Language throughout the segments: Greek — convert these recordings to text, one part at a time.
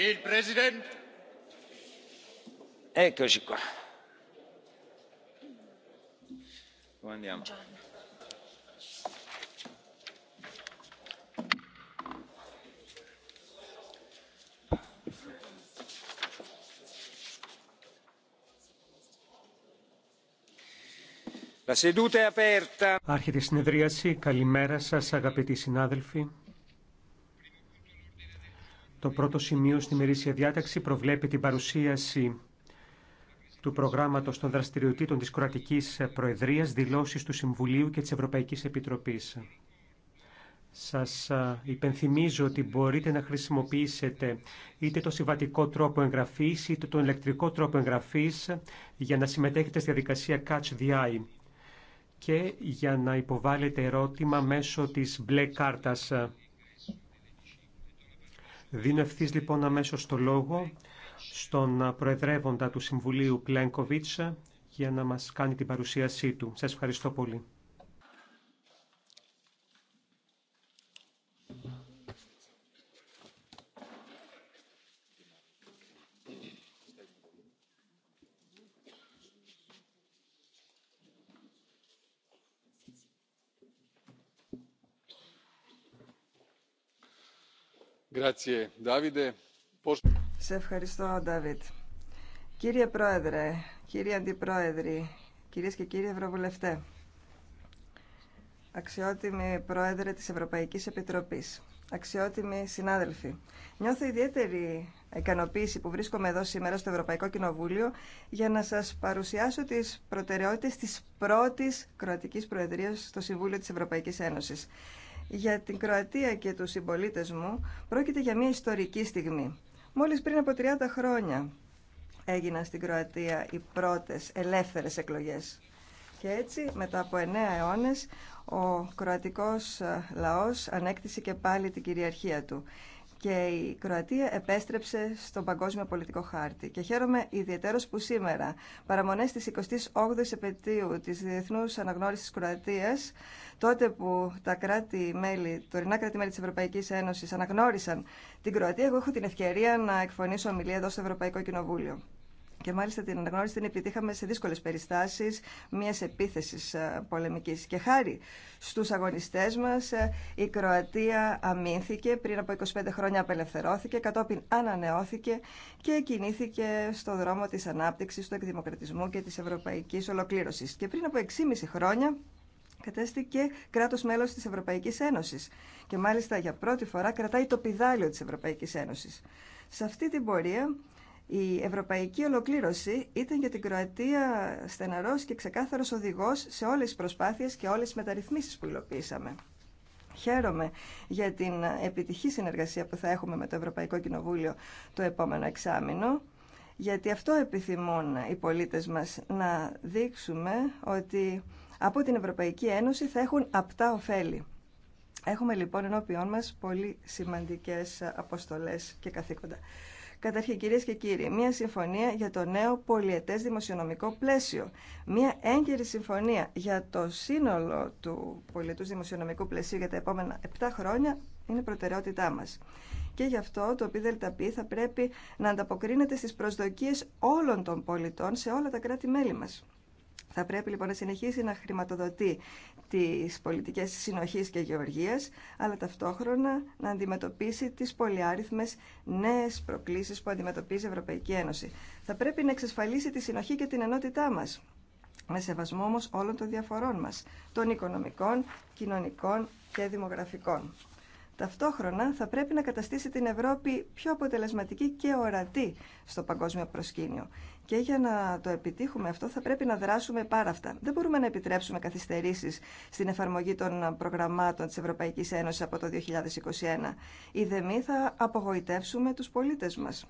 Il Presidente. Eccoci qua. Come andiamo? La seduta è aperta. Άρχεται η συνεδρίαση. Καλημέρα σας αγαπητοί συνάδελφοι. Το πρώτο σημείο στη μερίσια διάταξη προβλέπει την παρουσίαση του προγράμματος των δραστηριοτήτων της Κροατικής Προεδρίας, δηλώσεις του Συμβουλίου και της Ευρωπαϊκής Επιτροπής. Σας υπενθυμίζω ότι μπορείτε να χρησιμοποιήσετε είτε το συμβατικό τρόπο εγγραφής είτε τον ηλεκτρικό τρόπο εγγραφής για να συμμετέχετε στη διαδικασία Catch the Eye και για να υποβάλλετε ερώτημα μέσω της μπλε κάρτας. Δίνω ευθύ λοιπόν αμέσω το λόγο στον Προεδρεύοντα του Συμβουλίου Πλένκοβιτσα ε, για να μας κάνει την παρουσίασή του. Σα ευχαριστώ πολύ. Σε ευχαριστώ, Ντάβιτ. Κύριε Πρόεδρε, κύριε Αντιπρόεδροι, κυρίες και κύριοι Ευρωβουλευτέ, αξιότιμη Πρόεδρε της Ευρωπαϊκής Επιτροπής, αξιότιμοι συνάδελφοι, νιώθω ιδιαίτερη ικανοποίηση που βρίσκομαι εδώ σήμερα στο Ευρωπαϊκό Κοινοβούλιο για να σας παρουσιάσω τις προτεραιότητες της πρώτης Κροατικής Προεδρίας στο Συμβούλιο της Ευρωπαϊκής Ένωσης. Για την Κροατία και τους συμπολίτε μου πρόκειται για μια ιστορική στιγμή. Μόλις πριν από 30 χρόνια έγιναν στην Κροατία οι πρώτες ελεύθερες εκλογές. Και έτσι, μετά από 9 αιώνες, ο κροατικός λαός ανέκτησε και πάλι την κυριαρχία του και η Κροατία επέστρεψε στον παγκόσμιο πολιτικό χάρτη. Και χαίρομαι ιδιαίτερος που σήμερα, παραμονές της 28ης επαιτίου της Διεθνούς Αναγνώρισης της Κροατίας, τότε που τα κράτη-μέλη, τωρινά κράτη-μέλη της Ευρωπαϊκής Ένωσης αναγνώρισαν την Κροατία, εγώ έχω την ευκαιρία να εκφωνήσω ομιλία εδώ στο Ευρωπαϊκό Κοινοβούλιο. Και μάλιστα την αναγνώριση την επιτύχαμε σε δύσκολε περιστάσει μια επίθεση ε, πολεμική. Και χάρη στου αγωνιστέ μα, ε, η Κροατία αμήνθηκε, πριν από 25 χρόνια απελευθερώθηκε, κατόπιν ανανεώθηκε και κινήθηκε στο δρόμο τη ανάπτυξη, του εκδημοκρατισμού και τη ευρωπαϊκή ολοκλήρωση. Και πριν από 6,5 χρόνια, κατέστηκε κράτο μέλο τη Ευρωπαϊκή Ένωση. και μάλιστα για πρώτη φορά κρατάει το πιδάλιο τη Ευρωπαϊκή Ένωση. Σε αυτή την πορεία η ευρωπαϊκή ολοκλήρωση ήταν για την Κροατία στεναρός και ξεκάθαρος οδηγός σε όλες τις προσπάθειες και όλες τις μεταρρυθμίσεις που υλοποίησαμε. Χαίρομαι για την επιτυχή συνεργασία που θα έχουμε με το Ευρωπαϊκό Κοινοβούλιο το επόμενο εξάμεινο, γιατί αυτό επιθυμούν οι πολίτες μας να δείξουμε ότι από την Ευρωπαϊκή Ένωση θα έχουν απτά ωφέλη. Έχουμε λοιπόν ενώπιόν μας πολύ σημαντικές αποστολές και καθήκοντα. Καταρχήν, κυρίε και κύριοι, μία συμφωνία για το νέο πολιετέ δημοσιονομικό πλαίσιο. Μία έγκαιρη συμφωνία για το σύνολο του πολιετού δημοσιονομικού πλαισίου για τα επόμενα 7 χρόνια είναι προτεραιότητά μα. Και γι' αυτό το ΠΔΠ θα πρέπει να ανταποκρίνεται στι προσδοκίε όλων των πολιτών σε όλα τα κράτη-μέλη μα. Θα πρέπει λοιπόν να συνεχίσει να χρηματοδοτεί τις πολιτικές συνοχής και γεωργίας, αλλά ταυτόχρονα να αντιμετωπίσει τις πολυάριθμες νέες προκλήσεις που αντιμετωπίζει η Ευρωπαϊκή Ένωση. Θα πρέπει να εξασφαλίσει τη συνοχή και την ενότητά μας, με σεβασμό όμως όλων των διαφορών μας, των οικονομικών, κοινωνικών και δημογραφικών. Ταυτόχρονα θα πρέπει να καταστήσει την Ευρώπη πιο αποτελεσματική και ορατή στο παγκόσμιο προσκήνιο. Και για να το επιτύχουμε αυτό θα πρέπει να δράσουμε πάρα αυτά. Δεν μπορούμε να επιτρέψουμε καθυστερήσεις στην εφαρμογή των προγραμμάτων της Ευρωπαϊκής Ένωσης από το 2021. Οι μη θα απογοητεύσουμε τους πολίτες μας.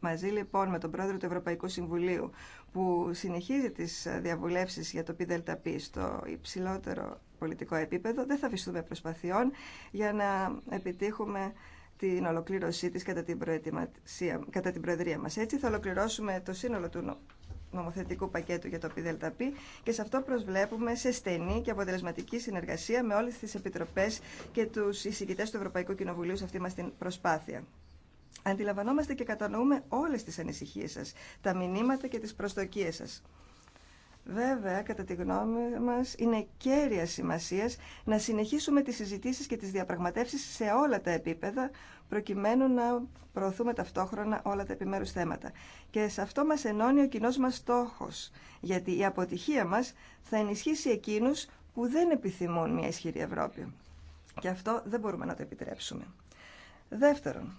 Μαζί λοιπόν με τον πρόεδρο του Ευρωπαϊκού Συμβουλίου που συνεχίζει τις διαβουλεύσεις για το ΠΔΠ στο υψηλότερο πολιτικό επίπεδο, δεν θα αφιστούμε προσπαθειών για να επιτύχουμε την ολοκλήρωσή της κατά την, προετοιμασία, κατά την Προεδρία μας. Έτσι θα ολοκληρώσουμε το σύνολο του νομοθετικού πακέτου για το ΠΔΕΛΤΑΠΗ και σε αυτό προσβλέπουμε σε στενή και αποτελεσματική συνεργασία με όλες τις επιτροπές και τους εισηγητές του Ευρωπαϊκού Κοινοβουλίου σε αυτή μας την προσπάθεια. Αντιλαμβανόμαστε και κατανοούμε όλες τις ανησυχίες σας, τα μηνύματα και τις προσδοκίες σας. Βέβαια, κατά τη γνώμη μας, είναι κέρια σημασίας να συνεχίσουμε τις συζητήσεις και τις διαπραγματεύσεις σε όλα τα επίπεδα, προκειμένου να προωθούμε ταυτόχρονα όλα τα επιμέρους θέματα. Και σε αυτό μας ενώνει ο κοινό μας στόχος, γιατί η αποτυχία μας θα ενισχύσει εκείνους που δεν επιθυμούν μια ισχυρή Ευρώπη. Και αυτό δεν μπορούμε να το επιτρέψουμε. Δεύτερον,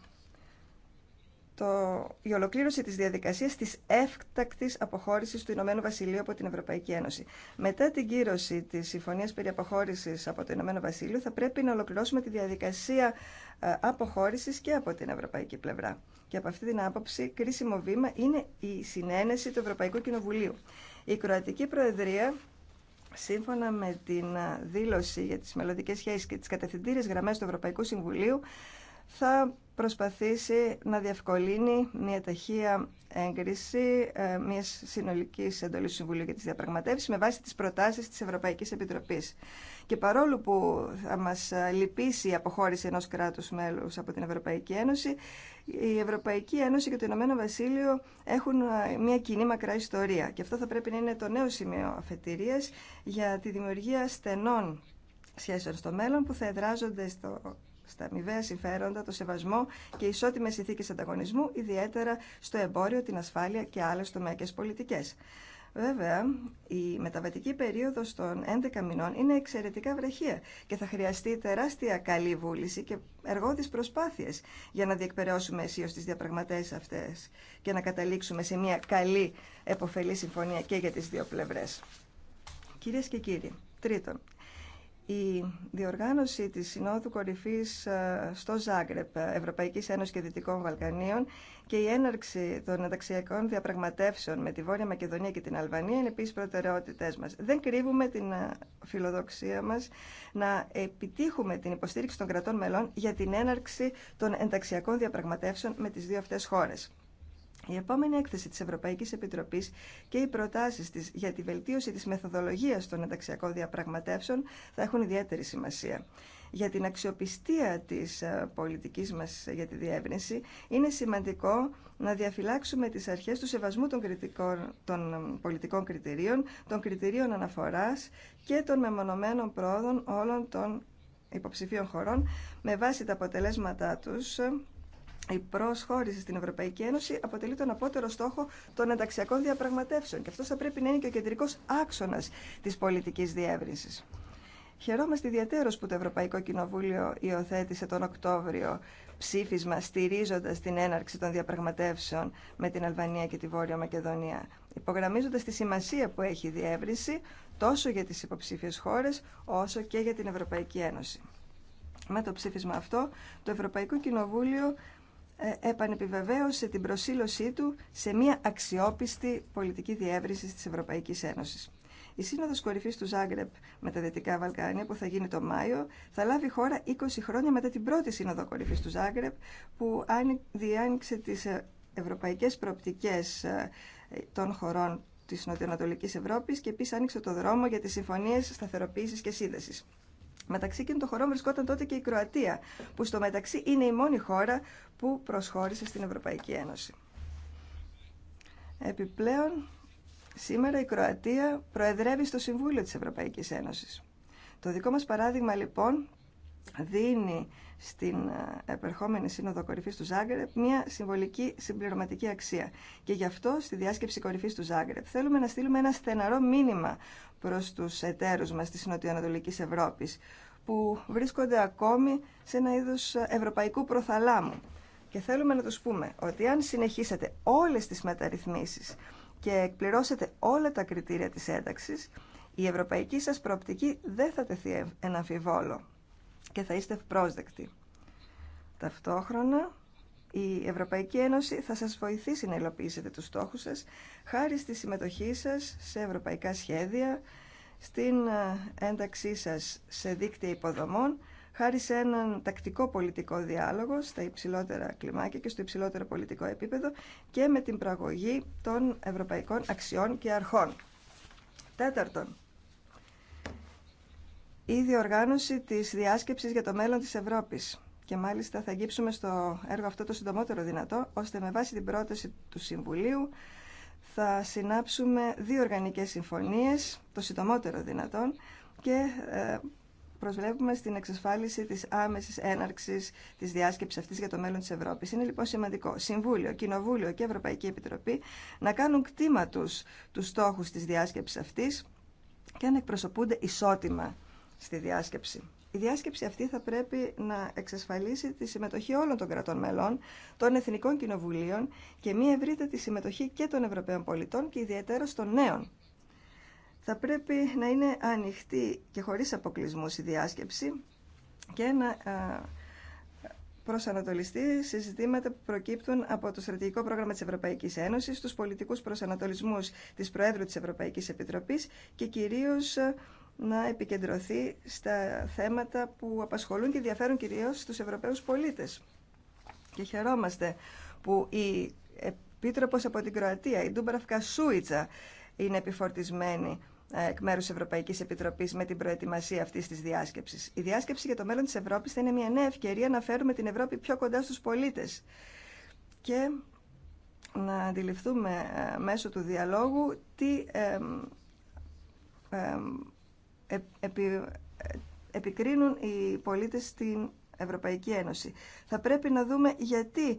το, η ολοκλήρωση της διαδικασίας της εύκτακτης αποχώρησης του Ηνωμένου Βασιλείου από την Ευρωπαϊκή Ένωση. Μετά την κύρωση της Συμφωνίας περί αποχώρησης από το Ηνωμένο Βασίλειο θα πρέπει να ολοκληρώσουμε τη διαδικασία ε, αποχώρησης και από την ευρωπαϊκή πλευρά. Και από αυτή την άποψη κρίσιμο βήμα είναι η συνένεση του Ευρωπαϊκού Κοινοβουλίου. Η Κροατική Προεδρία Σύμφωνα με την ε, δήλωση για τις μελλοντικές σχέσεις και τις κατευθυντήριες γραμμές του Ευρωπαϊκού Συμβουλίου, θα προσπαθήσει να διευκολύνει μια ταχεία έγκριση ε, μια συνολική εντολή του Συμβουλίου για τι διαπραγματεύσει με βάση τι προτάσει τη Ευρωπαϊκή Επιτροπή. Και παρόλο που θα μα ε, λυπήσει η αποχώρηση ενό κράτου μέλου από την Ευρωπαϊκή Ένωση, η Ευρωπαϊκή Ένωση και το Ηνωμένο Βασίλειο έχουν ε, μια κοινή μακρά ιστορία. Και αυτό θα πρέπει να είναι το νέο σημείο αφετηρία για τη δημιουργία στενών σχέσεων στο μέλλον που θα εδράζονται στο στα αμοιβαία συμφέροντα, το σεβασμό και ισότιμες ηθίκε ανταγωνισμού, ιδιαίτερα στο εμπόριο, την ασφάλεια και άλλες τομέακε πολιτικές. Βέβαια, η μεταβατική περίοδο των 11 μηνών είναι εξαιρετικά βραχία και θα χρειαστεί τεράστια καλή βούληση και εργώδει προσπάθειε για να διεκπαιρεώσουμε αισίω τι διαπραγματεύσει αυτέ και να καταλήξουμε σε μια καλή εποφελή συμφωνία και για τι δύο πλευρέ. Κυρίε και κύριοι, τρίτον, η διοργάνωση της Συνόδου Κορυφής ε, στο Ζάγκρεπ, ε, Ευρωπαϊκής Ένωσης και Δυτικών Βαλκανίων και η έναρξη των ενταξιακών διαπραγματεύσεων με τη Βόρεια Μακεδονία και την Αλβανία είναι επίσης προτεραιότητές μας. Δεν κρύβουμε την ε, φιλοδοξία μας να επιτύχουμε την υποστήριξη των κρατών μελών για την έναρξη των ενταξιακών διαπραγματεύσεων με τις δύο αυτές χώρες. Η επόμενη έκθεση της Ευρωπαϊκής Επιτροπής και οι προτάσεις της για τη βελτίωση της μεθοδολογίας των ενταξιακών διαπραγματεύσεων θα έχουν ιδιαίτερη σημασία. Για την αξιοπιστία της ε, πολιτικής μας για τη διεύρυνση είναι σημαντικό να διαφυλάξουμε τις αρχές του σεβασμού των, κριτικών, των ε, πολιτικών κριτηρίων, των κριτηρίων αναφοράς και των μεμονωμένων πρόοδων όλων των υποψηφίων χωρών με βάση τα αποτελέσματά τους ε, η προσχώρηση στην Ευρωπαϊκή Ένωση αποτελεί τον απότερο στόχο των ενταξιακών διαπραγματεύσεων και αυτό θα πρέπει να είναι και ο κεντρικό άξονα τη πολιτική διεύρυνση. Χαιρόμαστε ιδιαίτερω που το Ευρωπαϊκό Κοινοβούλιο υιοθέτησε τον Οκτώβριο ψήφισμα στηρίζοντα την έναρξη των διαπραγματεύσεων με την Αλβανία και τη Βόρεια Μακεδονία, υπογραμμίζοντα τη σημασία που έχει η διεύρυνση τόσο για τι υποψήφιε χώρε όσο και για την Ευρωπαϊκή Ένωση. Με το ψήφισμα αυτό, το Ευρωπαϊκό Κοινοβούλιο ε, επανεπιβεβαίωσε την προσήλωσή του σε μια αξιόπιστη πολιτική διεύρυνση της Ευρωπαϊκής Ένωσης. Η Σύνοδο Κορυφή του Ζάγκρεπ με τα Δυτικά Βαλκάνια που θα γίνει το Μάιο θα λάβει χώρα 20 χρόνια μετά την πρώτη Σύνοδο Κορυφή του Ζάγκρεπ που διάνοιξε τις ε, ευρωπαϊκές προοπτικές ε, των χωρών της Νοτιοανατολικής Ευρώπης και επίσης άνοιξε το δρόμο για τις συμφωνίες σταθεροποίησης και σύνδεσης. Μεταξύ εκείνων των χωρών βρισκόταν τότε και η Κροατία, που στο μεταξύ είναι η μόνη χώρα που προσχώρησε στην Ευρωπαϊκή Ένωση. Επιπλέον, σήμερα η Κροατία προεδρεύει στο Συμβούλιο της Ευρωπαϊκής Ένωσης. Το δικό μας παράδειγμα λοιπόν δίνει στην ε, επερχόμενη Σύνοδο Κορυφής του Ζάγκρεπ μια συμβολική συμπληρωματική αξία. Και γι' αυτό στη διάσκεψη κορυφής του Ζάγκρεπ θέλουμε να στείλουμε ένα στεναρό μήνυμα προς τους εταίρους μας της Νοτιοανατολικής Ευρώπης που βρίσκονται ακόμη σε ένα είδος ε, ευρωπαϊκού προθαλάμου. Και θέλουμε να τους πούμε ότι αν συνεχίσετε όλες τις μεταρρυθμίσεις και εκπληρώσετε όλα τα κριτήρια της ένταξης, η ευρωπαϊκή σας προοπτική δεν θα τεθεί ένα αμφιβόλο και θα είστε ευπρόσδεκτοι. Ταυτόχρονα, η Ευρωπαϊκή Ένωση θα σας βοηθήσει να υλοποιήσετε τους στόχους σας χάρη στη συμμετοχή σας σε ευρωπαϊκά σχέδια, στην ε, ένταξή σας σε δίκτυα υποδομών, χάρη σε έναν τακτικό πολιτικό διάλογο στα υψηλότερα κλιμάκια και στο υψηλότερο πολιτικό επίπεδο και με την πραγωγή των ευρωπαϊκών αξιών και αρχών. Τέταρτον, η διοργάνωση της διάσκεψης για το μέλλον της Ευρώπης. Και μάλιστα θα αγγίψουμε στο έργο αυτό το συντομότερο δυνατό, ώστε με βάση την πρόταση του Συμβουλίου θα συνάψουμε δύο οργανικές συμφωνίες, το συντομότερο δυνατόν, και ε, προσβλέπουμε στην εξασφάλιση της άμεσης έναρξης της διάσκεψης αυτής για το μέλλον της Ευρώπης. Είναι λοιπόν σημαντικό Συμβούλιο, Κοινοβούλιο και Ευρωπαϊκή Επιτροπή να κάνουν κτήμα του στόχου στόχους της διάσκεψης αυτής και να εκπροσωπούνται ισότιμα στη διάσκεψη. Η διάσκεψη αυτή θα πρέπει να εξασφαλίσει τη συμμετοχή όλων των κρατών μελών, των εθνικών κοινοβουλίων και μια ευρύτερη συμμετοχή και των Ευρωπαίων πολιτών και ιδιαίτερα των νέων. Θα πρέπει να είναι ανοιχτή και χωρίς αποκλεισμούς η διάσκεψη και να ε, προσανατολιστεί σε ζητήματα που προκύπτουν από το στρατηγικό πρόγραμμα της Ευρωπαϊκής Ένωσης, τους πολιτικούς προσανατολισμούς της Προέδρου της Ευρωπαϊκής Επιτροπής και κυρίως ε, να επικεντρωθεί στα θέματα που απασχολούν και ενδιαφέρουν κυρίως τους Ευρωπαίους πολίτες. Και χαιρόμαστε που η Επίτροπος από την Κροατία, η Ντούμπραφκα Σούιτσα, είναι επιφορτισμένη ε, εκ μέρου Ευρωπαϊκή Επιτροπή με την προετοιμασία αυτή τη διάσκεψη. Η διάσκεψη για το μέλλον τη Ευρώπη θα είναι μια νέα ευκαιρία να φέρουμε την Ευρώπη πιο κοντά στου πολίτε και να αντιληφθούμε ε, μέσω του διαλόγου τι ε, επικρίνουν οι πολίτες στην Ευρωπαϊκή Ένωση. Θα πρέπει να δούμε γιατί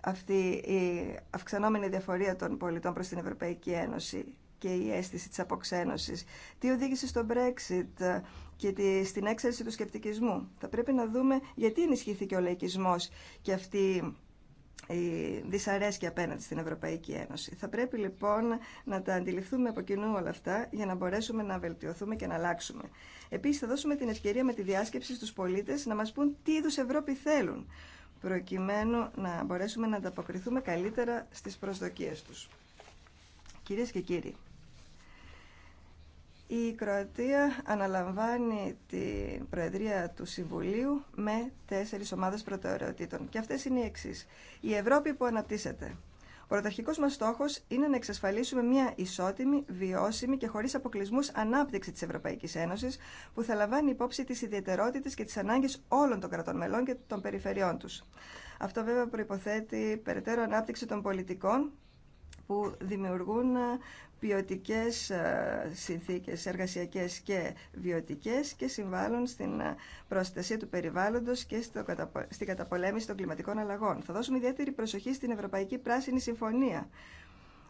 αυτή η αυξανόμενη διαφορία των πολιτών προς την Ευρωπαϊκή Ένωση και η αίσθηση της αποξένωσης. Τι οδήγησε στο Brexit και τη, στην έξαρση του σκεπτικισμού. Θα πρέπει να δούμε γιατί ενισχύθηκε ο λαϊκισμός και αυτή η δυσαρέσκεια απέναντι στην Ευρωπαϊκή Ένωση. Θα πρέπει λοιπόν να τα αντιληφθούμε από κοινού όλα αυτά για να μπορέσουμε να βελτιωθούμε και να αλλάξουμε. Επίση, θα δώσουμε την ευκαιρία με τη διάσκεψη στου πολίτε να μα πούν τι είδου Ευρώπη θέλουν, προκειμένου να μπορέσουμε να ανταποκριθούμε καλύτερα στι προσδοκίε του. Κυρίε και κύριοι, η Κροατία αναλαμβάνει την Προεδρία του Συμβουλίου με τέσσερις ομάδες προτεραιοτήτων. Και αυτές είναι οι εξή. Η Ευρώπη που αναπτύσσεται. Ο πρωταρχικός μας στόχος είναι να εξασφαλίσουμε μια ισότιμη, βιώσιμη και χωρίς αποκλεισμούς ανάπτυξη της Ευρωπαϊκής Ένωσης που θα λαμβάνει υπόψη τις ιδιαιτερότητες και τις ανάγκες όλων των κρατών μελών και των περιφερειών τους. Αυτό βέβαια προϋποθέτει περαιτέρω ανάπτυξη των πολιτικών που δημιουργούν ε, ποιοτικές ε, συνθήκες εργασιακές και βιωτικές και συμβάλλουν στην ε, προστασία του περιβάλλοντος και στην καταπολέμηση των κλιματικών αλλαγών. Θα δώσουμε ιδιαίτερη προσοχή στην Ευρωπαϊκή Πράσινη Συμφωνία.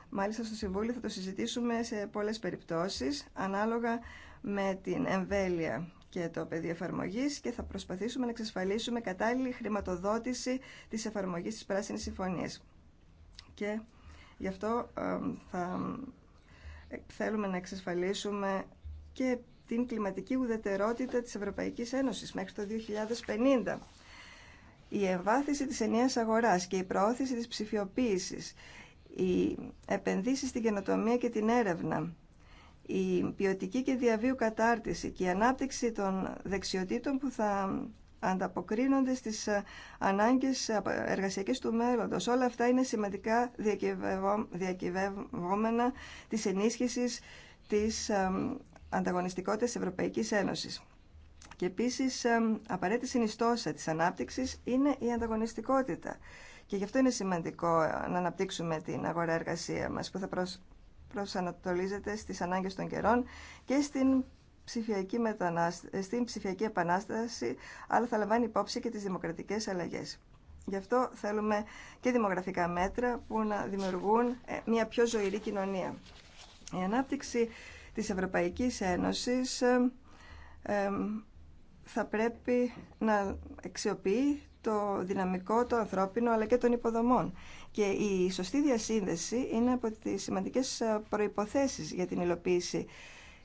Μάλιστα στο Συμβούλιο θα το συζητήσουμε σε πολλές περιπτώσεις ανάλογα με την εμβέλεια και το πεδίο εφαρμογή και θα προσπαθήσουμε να εξασφαλίσουμε κατάλληλη χρηματοδότηση της εφαρμογής της Πράσινης Συμφωνίας. Και Γι' αυτό θα θέλουμε να εξασφαλίσουμε και την κλιματική ουδετερότητα της Ευρωπαϊκής Ένωσης μέχρι το 2050. Η εμβάθυνση της ενιαίας αγοράς και η προώθηση της ψηφιοποίησης, οι επενδύσεις στην καινοτομία και την έρευνα, η ποιοτική και διαβίου κατάρτιση και η ανάπτυξη των δεξιοτήτων που θα ανταποκρίνονται στις ε, ανάγκες ε, εργασιακές του μέλλοντος. Όλα αυτά είναι σημαντικά διακυβεύόμενα της ενίσχυσης της ε, ανταγωνιστικότητας Ευρωπαϊκής Ένωσης. Και επίσης απαραίτητη συνιστόσα της ανάπτυξης είναι η ανταγωνιστικότητα. Και γι' αυτό είναι σημαντικό να αναπτύξουμε την αγορά εργασία μας που θα προσανατολίζεται στις ανάγκες των καιρών και στην ψηφιακή ε, στην ψηφιακή επανάσταση, αλλά θα λαμβάνει υπόψη και τις δημοκρατικές αλλαγές. Γι' αυτό θέλουμε και δημογραφικά μέτρα που να δημιουργούν ε, μια πιο ζωηρή κοινωνία. Η ανάπτυξη της Ευρωπαϊκής Ένωσης ε, θα πρέπει να αξιοποιεί το δυναμικό, το ανθρώπινο, αλλά και των υποδομών. Και η σωστή διασύνδεση είναι από τις σημαντικές προϋποθέσεις για την υλοποίηση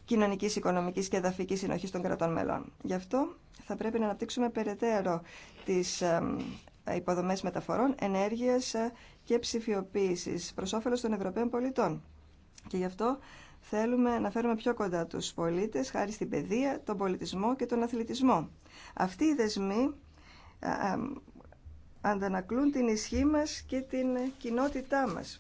κοινωνικής, οικονομικής και εδαφικής συνοχής των κρατών μελών. Γι' αυτό θα πρέπει να αναπτύξουμε περαιτέρω τις υποδομές μεταφορών, ενέργειας ε, και ψηφιοποίησης προς όφελος των Ευρωπαίων πολιτών. Και γι' αυτό θέλουμε να φέρουμε πιο κοντά τους πολίτες χάρη στην παιδεία, τον πολιτισμό και τον αθλητισμό. Αυτοί οι δεσμοί ε, ε, αντανακλούν την ισχύ μας και την κοινότητά μας.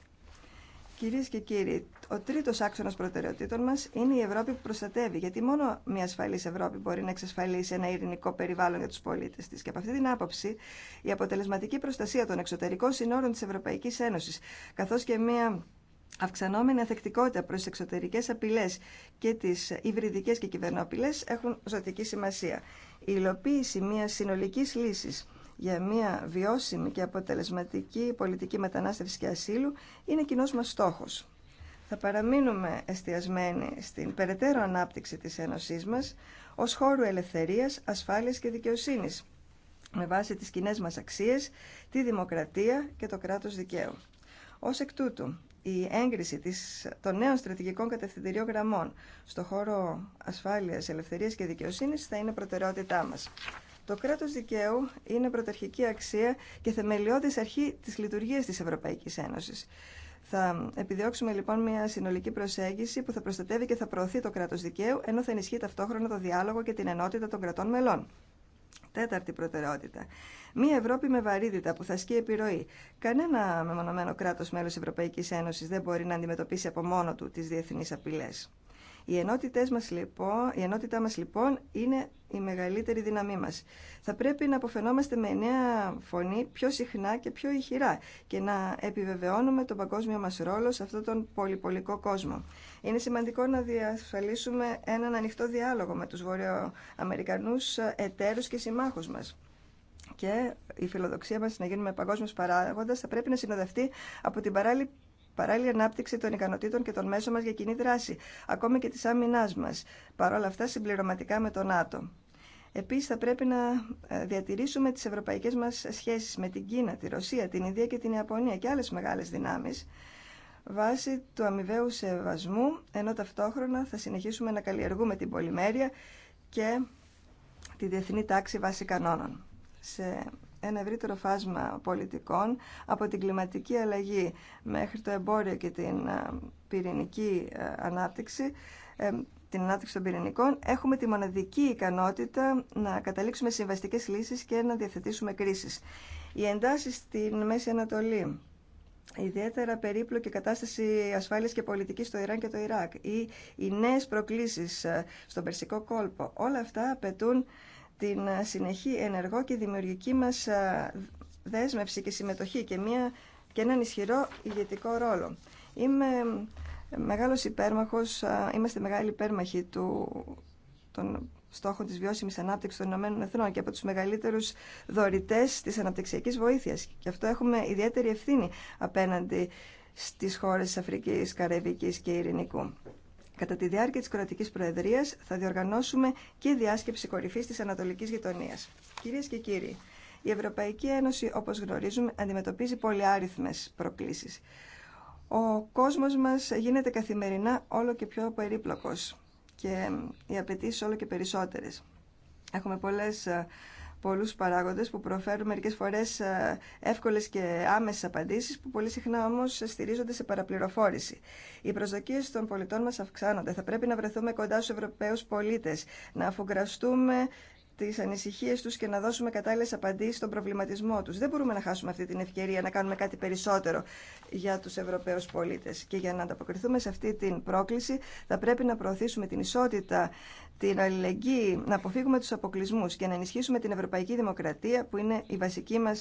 Κυρίες και κύριοι, ο τρίτο άξονα προτεραιοτήτων μα είναι η Ευρώπη που προστατεύει, γιατί μόνο μια ασφαλή Ευρώπη μπορεί να εξασφαλίσει ένα ειρηνικό περιβάλλον για του πολίτε τη. Και από αυτή την άποψη, η αποτελεσματική προστασία των εξωτερικών συνόρων τη Ευρωπαϊκή Ένωση, καθώ και μια αυξανόμενη αθεκτικότητα προ τι εξωτερικέ απειλέ και τι υβριδικέ και κυβερνόπειλε έχουν ζωτική σημασία. Η υλοποίηση μια συνολική λύση για μια βιώσιμη και αποτελεσματική πολιτική μετανάστευση και ασύλου είναι κοινό μα στόχο θα παραμείνουμε εστιασμένοι στην περαιτέρω ανάπτυξη της Ένωσής μας ως χώρου ελευθερίας, ασφάλειας και δικαιοσύνης με βάση τις κοινέ μας αξίες, τη δημοκρατία και το κράτος δικαίου. Ως εκ τούτου, η έγκριση της, των νέων στρατηγικών κατευθυντηρίων γραμμών στον χώρο ασφάλειας, ελευθερίας και δικαιοσύνης θα είναι προτεραιότητά μας. Το κράτος δικαίου είναι πρωταρχική αξία και θεμελιώδης αρχή της λειτουργίας της Ευρωπαϊκής Ένωσης. Θα επιδιώξουμε λοιπόν μια συνολική προσέγγιση που θα προστατεύει και θα προωθεί το κράτο δικαίου, ενώ θα ενισχύει ταυτόχρονα το διάλογο και την ενότητα των κρατών μελών. Τέταρτη προτεραιότητα. Μία Ευρώπη με βαρύτητα που θα ασκεί επιρροή. Κανένα μεμονωμένο κράτο μέλο Ευρωπαϊκή Ένωση δεν μπορεί να αντιμετωπίσει από μόνο του τι διεθνεί απειλέ μας, λοιπόν, η ενότητά μας λοιπόν είναι η μεγαλύτερη δύναμή μας. Θα πρέπει να αποφαινόμαστε με νέα φωνή πιο συχνά και πιο ηχηρά και να επιβεβαιώνουμε τον παγκόσμιο μας ρόλο σε αυτόν τον πολυπολικό κόσμο. Είναι σημαντικό να διασφαλίσουμε έναν ανοιχτό διάλογο με τους βορειοαμερικανούς εταίρους και συμμάχους μας και η φιλοδοξία μας να γίνουμε παγκόσμιος παράγοντας θα πρέπει να συνοδευτεί από την παράλληλη παράλληλη ανάπτυξη των ικανοτήτων και των μέσων μα για κοινή δράση, ακόμη και τη άμυνά μα, παρόλα αυτά συμπληρωματικά με τον ΝΑΤΟ. Επίση, θα πρέπει να ε, διατηρήσουμε τι ευρωπαϊκέ μα σχέσει με την Κίνα, τη Ρωσία, την Ινδία και την Ιαπωνία και άλλε μεγάλε δυνάμει, βάσει του αμοιβαίου σεβασμού, ενώ ταυτόχρονα θα συνεχίσουμε να καλλιεργούμε την πολυμέρεια και τη διεθνή τάξη βάσει κανόνων. Σε ένα ευρύτερο φάσμα πολιτικών από την κλιματική αλλαγή μέχρι το εμπόριο και την ε, πυρηνική ε, ανάπτυξη, ε, την ανάπτυξη των πυρηνικών, έχουμε τη μοναδική ικανότητα να καταλήξουμε συμβαστικές λύσεις και να διαθετήσουμε κρίσεις. Οι εντάσεις στην Μέση Ανατολή, ιδιαίτερα περίπλοκη κατάσταση ασφάλειας και πολιτικής στο Ιράν και το Ιράκ ή οι νέες προκλήσεις στον Περσικό κόλπο, όλα αυτά απαιτούν την ε, συνεχή ενεργό και δημιουργική μας ε, δέσμευση και συμμετοχή και, μια, και έναν ισχυρό ηγετικό ρόλο. Είμαι ε, μεγάλος υπέρμαχος, είμαστε μεγάλοι υπέρμαχοι του, των στόχων της βιώσιμης ανάπτυξης των Ηνωμένων Εθνών και από τους μεγαλύτερους δωρητές της αναπτυξιακής βοήθειας. Και αυτό έχουμε ιδιαίτερη ευθύνη απέναντι στις χώρες της Αφρικής, Καραϊβικής και Ειρηνικού. Κατά τη διάρκεια της κρατική Προεδρίας θα διοργανώσουμε και διάσκεψη κορυφή τη Ανατολική Γειτονία. Κυρίες και κύριοι, η Ευρωπαϊκή Ένωση, όπως γνωρίζουμε, αντιμετωπίζει πολυάριθμες προκλήσεις. Ο κόσμος μας γίνεται καθημερινά όλο και πιο περίπλοκος και οι απαιτήσει όλο και περισσότερες. Έχουμε πολλέ. Ε, πολλούς παράγοντες που προφέρουν μερικές φορές ε, εύκολες και άμεσες απαντήσεις που πολύ συχνά όμως στηρίζονται σε παραπληροφόρηση. Οι προσδοκίες των πολιτών μας αυξάνονται. Θα πρέπει να βρεθούμε κοντά στους Ευρωπαίους πολίτες, να αφουγκραστούμε τι ανησυχίε του και να δώσουμε κατάλληλε απαντήσει στον προβληματισμό του. Δεν μπορούμε να χάσουμε αυτή την ευκαιρία να κάνουμε κάτι περισσότερο για του Ευρωπαίου πολίτε. Και για να ανταποκριθούμε σε αυτή την πρόκληση, θα πρέπει να προωθήσουμε την ισότητα, την αλληλεγγύη, να αποφύγουμε του αποκλεισμού και να ενισχύσουμε την ευρωπαϊκή δημοκρατία, που είναι η βασική μα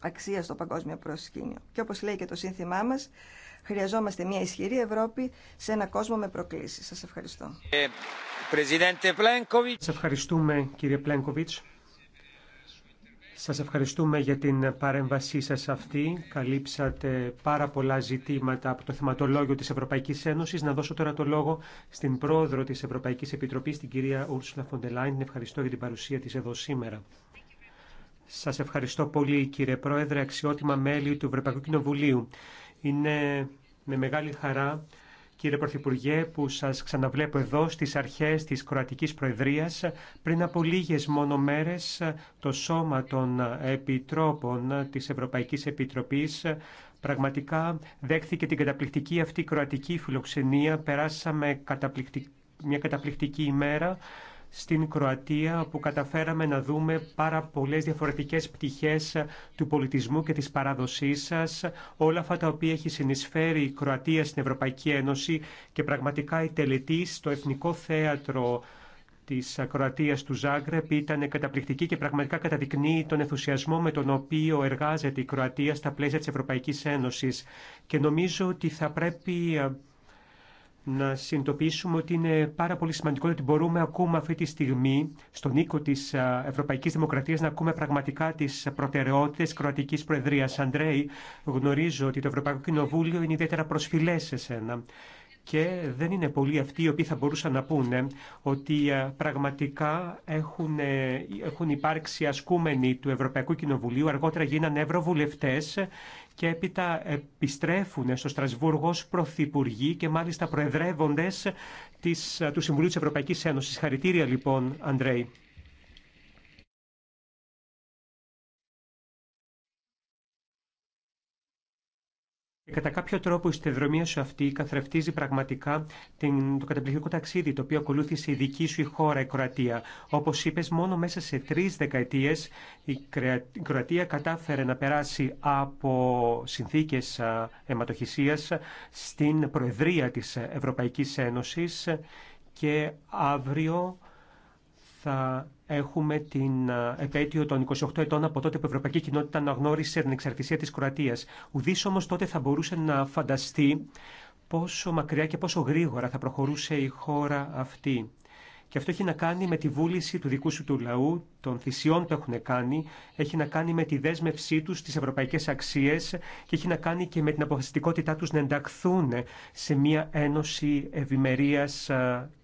αξία στο παγκόσμιο προσκήνιο. Και όπως λέει και το σύνθημά μας, χρειαζόμαστε μια ισχυρή Ευρώπη σε ένα κόσμο με προκλήσεις. Σας ευχαριστώ. Ε, σας ευχαριστούμε κύριε Πλένκοβιτς. Σας ευχαριστούμε για την παρέμβασή σας αυτή. Καλύψατε πάρα πολλά ζητήματα από το θεματολόγιο της Ευρωπαϊκής Ένωσης. Να δώσω τώρα το λόγο στην πρόεδρο της Ευρωπαϊκής Επιτροπής, την κυρία Ούρσουλα Φοντελάιν. Ευχαριστώ για την παρουσία της εδώ σήμερα. Σας ευχαριστώ πολύ κύριε Πρόεδρε, αξιότιμα μέλη του Ευρωπαϊκού Κοινοβουλίου. Είναι με μεγάλη χαρά Κύριε Πρωθυπουργέ, που σας ξαναβλέπω εδώ στις αρχές της Κροατικής Προεδρίας, πριν από λίγες μόνο μέρες το σώμα των επιτρόπων της Ευρωπαϊκής Επιτροπής πραγματικά δέχθηκε την καταπληκτική αυτή κροατική φιλοξενία. Περάσαμε μια καταπληκτική ημέρα στην Κροατία, όπου καταφέραμε να δούμε πάρα πολλές διαφορετικές πτυχές του πολιτισμού και της παράδοσής σας, όλα αυτά τα οποία έχει συνεισφέρει η Κροατία στην Ευρωπαϊκή Ένωση και πραγματικά η τελετή στο Εθνικό Θέατρο της Κροατίας του Ζάγκρεπ ήταν καταπληκτική και πραγματικά καταδεικνύει τον ενθουσιασμό με τον οποίο εργάζεται η Κροατία στα πλαίσια τη Ευρωπαϊκή Ένωση. Και νομίζω ότι θα πρέπει ε, να συνειδητοποιήσουμε ότι είναι πάρα πολύ σημαντικό ότι μπορούμε ακόμα αυτή τη στιγμή στον οίκο τη Ευρωπαϊκή Δημοκρατία να ακούμε πραγματικά τι προτεραιότητε Κροατική Προεδρία. Αντρέη, γνωρίζω ότι το Ευρωπαϊκό Κοινοβούλιο είναι ιδιαίτερα προσφυλέ σε σένα. Και δεν είναι πολλοί αυτοί οι οποίοι θα μπορούσαν να πούνε ότι πραγματικά έχουν, ε, έχουν υπάρξει ασκούμενοι του Ευρωπαϊκού Κοινοβουλίου, αργότερα γίνανε ευρωβουλευτές και έπειτα επιστρέφουν στο Στρασβούργο ως πρωθυπουργοί και μάλιστα προεδρεύοντες της, του Συμβουλίου της Ευρωπαϊκής Ένωσης. Χαρητήρια λοιπόν, Αντρέη. Κατά κάποιο τρόπο η στεδρομία σου αυτή καθρεφτίζει πραγματικά την, το καταπληκτικό ταξίδι το οποίο ακολούθησε η δική σου η χώρα, η Κροατία. Όπω είπε, μόνο μέσα σε τρει δεκαετίε η Κροατία κατάφερε να περάσει από συνθήκε αιματοχυσία στην Προεδρία τη Ευρωπαϊκή Ένωση και αύριο θα έχουμε την ε, επέτειο των 28 ετών από τότε που η Ευρωπαϊκή Κοινότητα αναγνώρισε την εξαρτησία της Κροατίας. Ουδής όμως τότε θα μπορούσε να φανταστεί πόσο μακριά και πόσο γρήγορα θα προχωρούσε η χώρα αυτή. Και αυτό έχει να κάνει με τη βούληση του δικού σου του λαού, των θυσιών που έχουν κάνει έχει να κάνει με τη δέσμευσή του στι ευρωπαϊκέ αξίε και έχει να κάνει και με την αποφασιστικότητά του να ενταχθούν σε μια ένωση ευημερία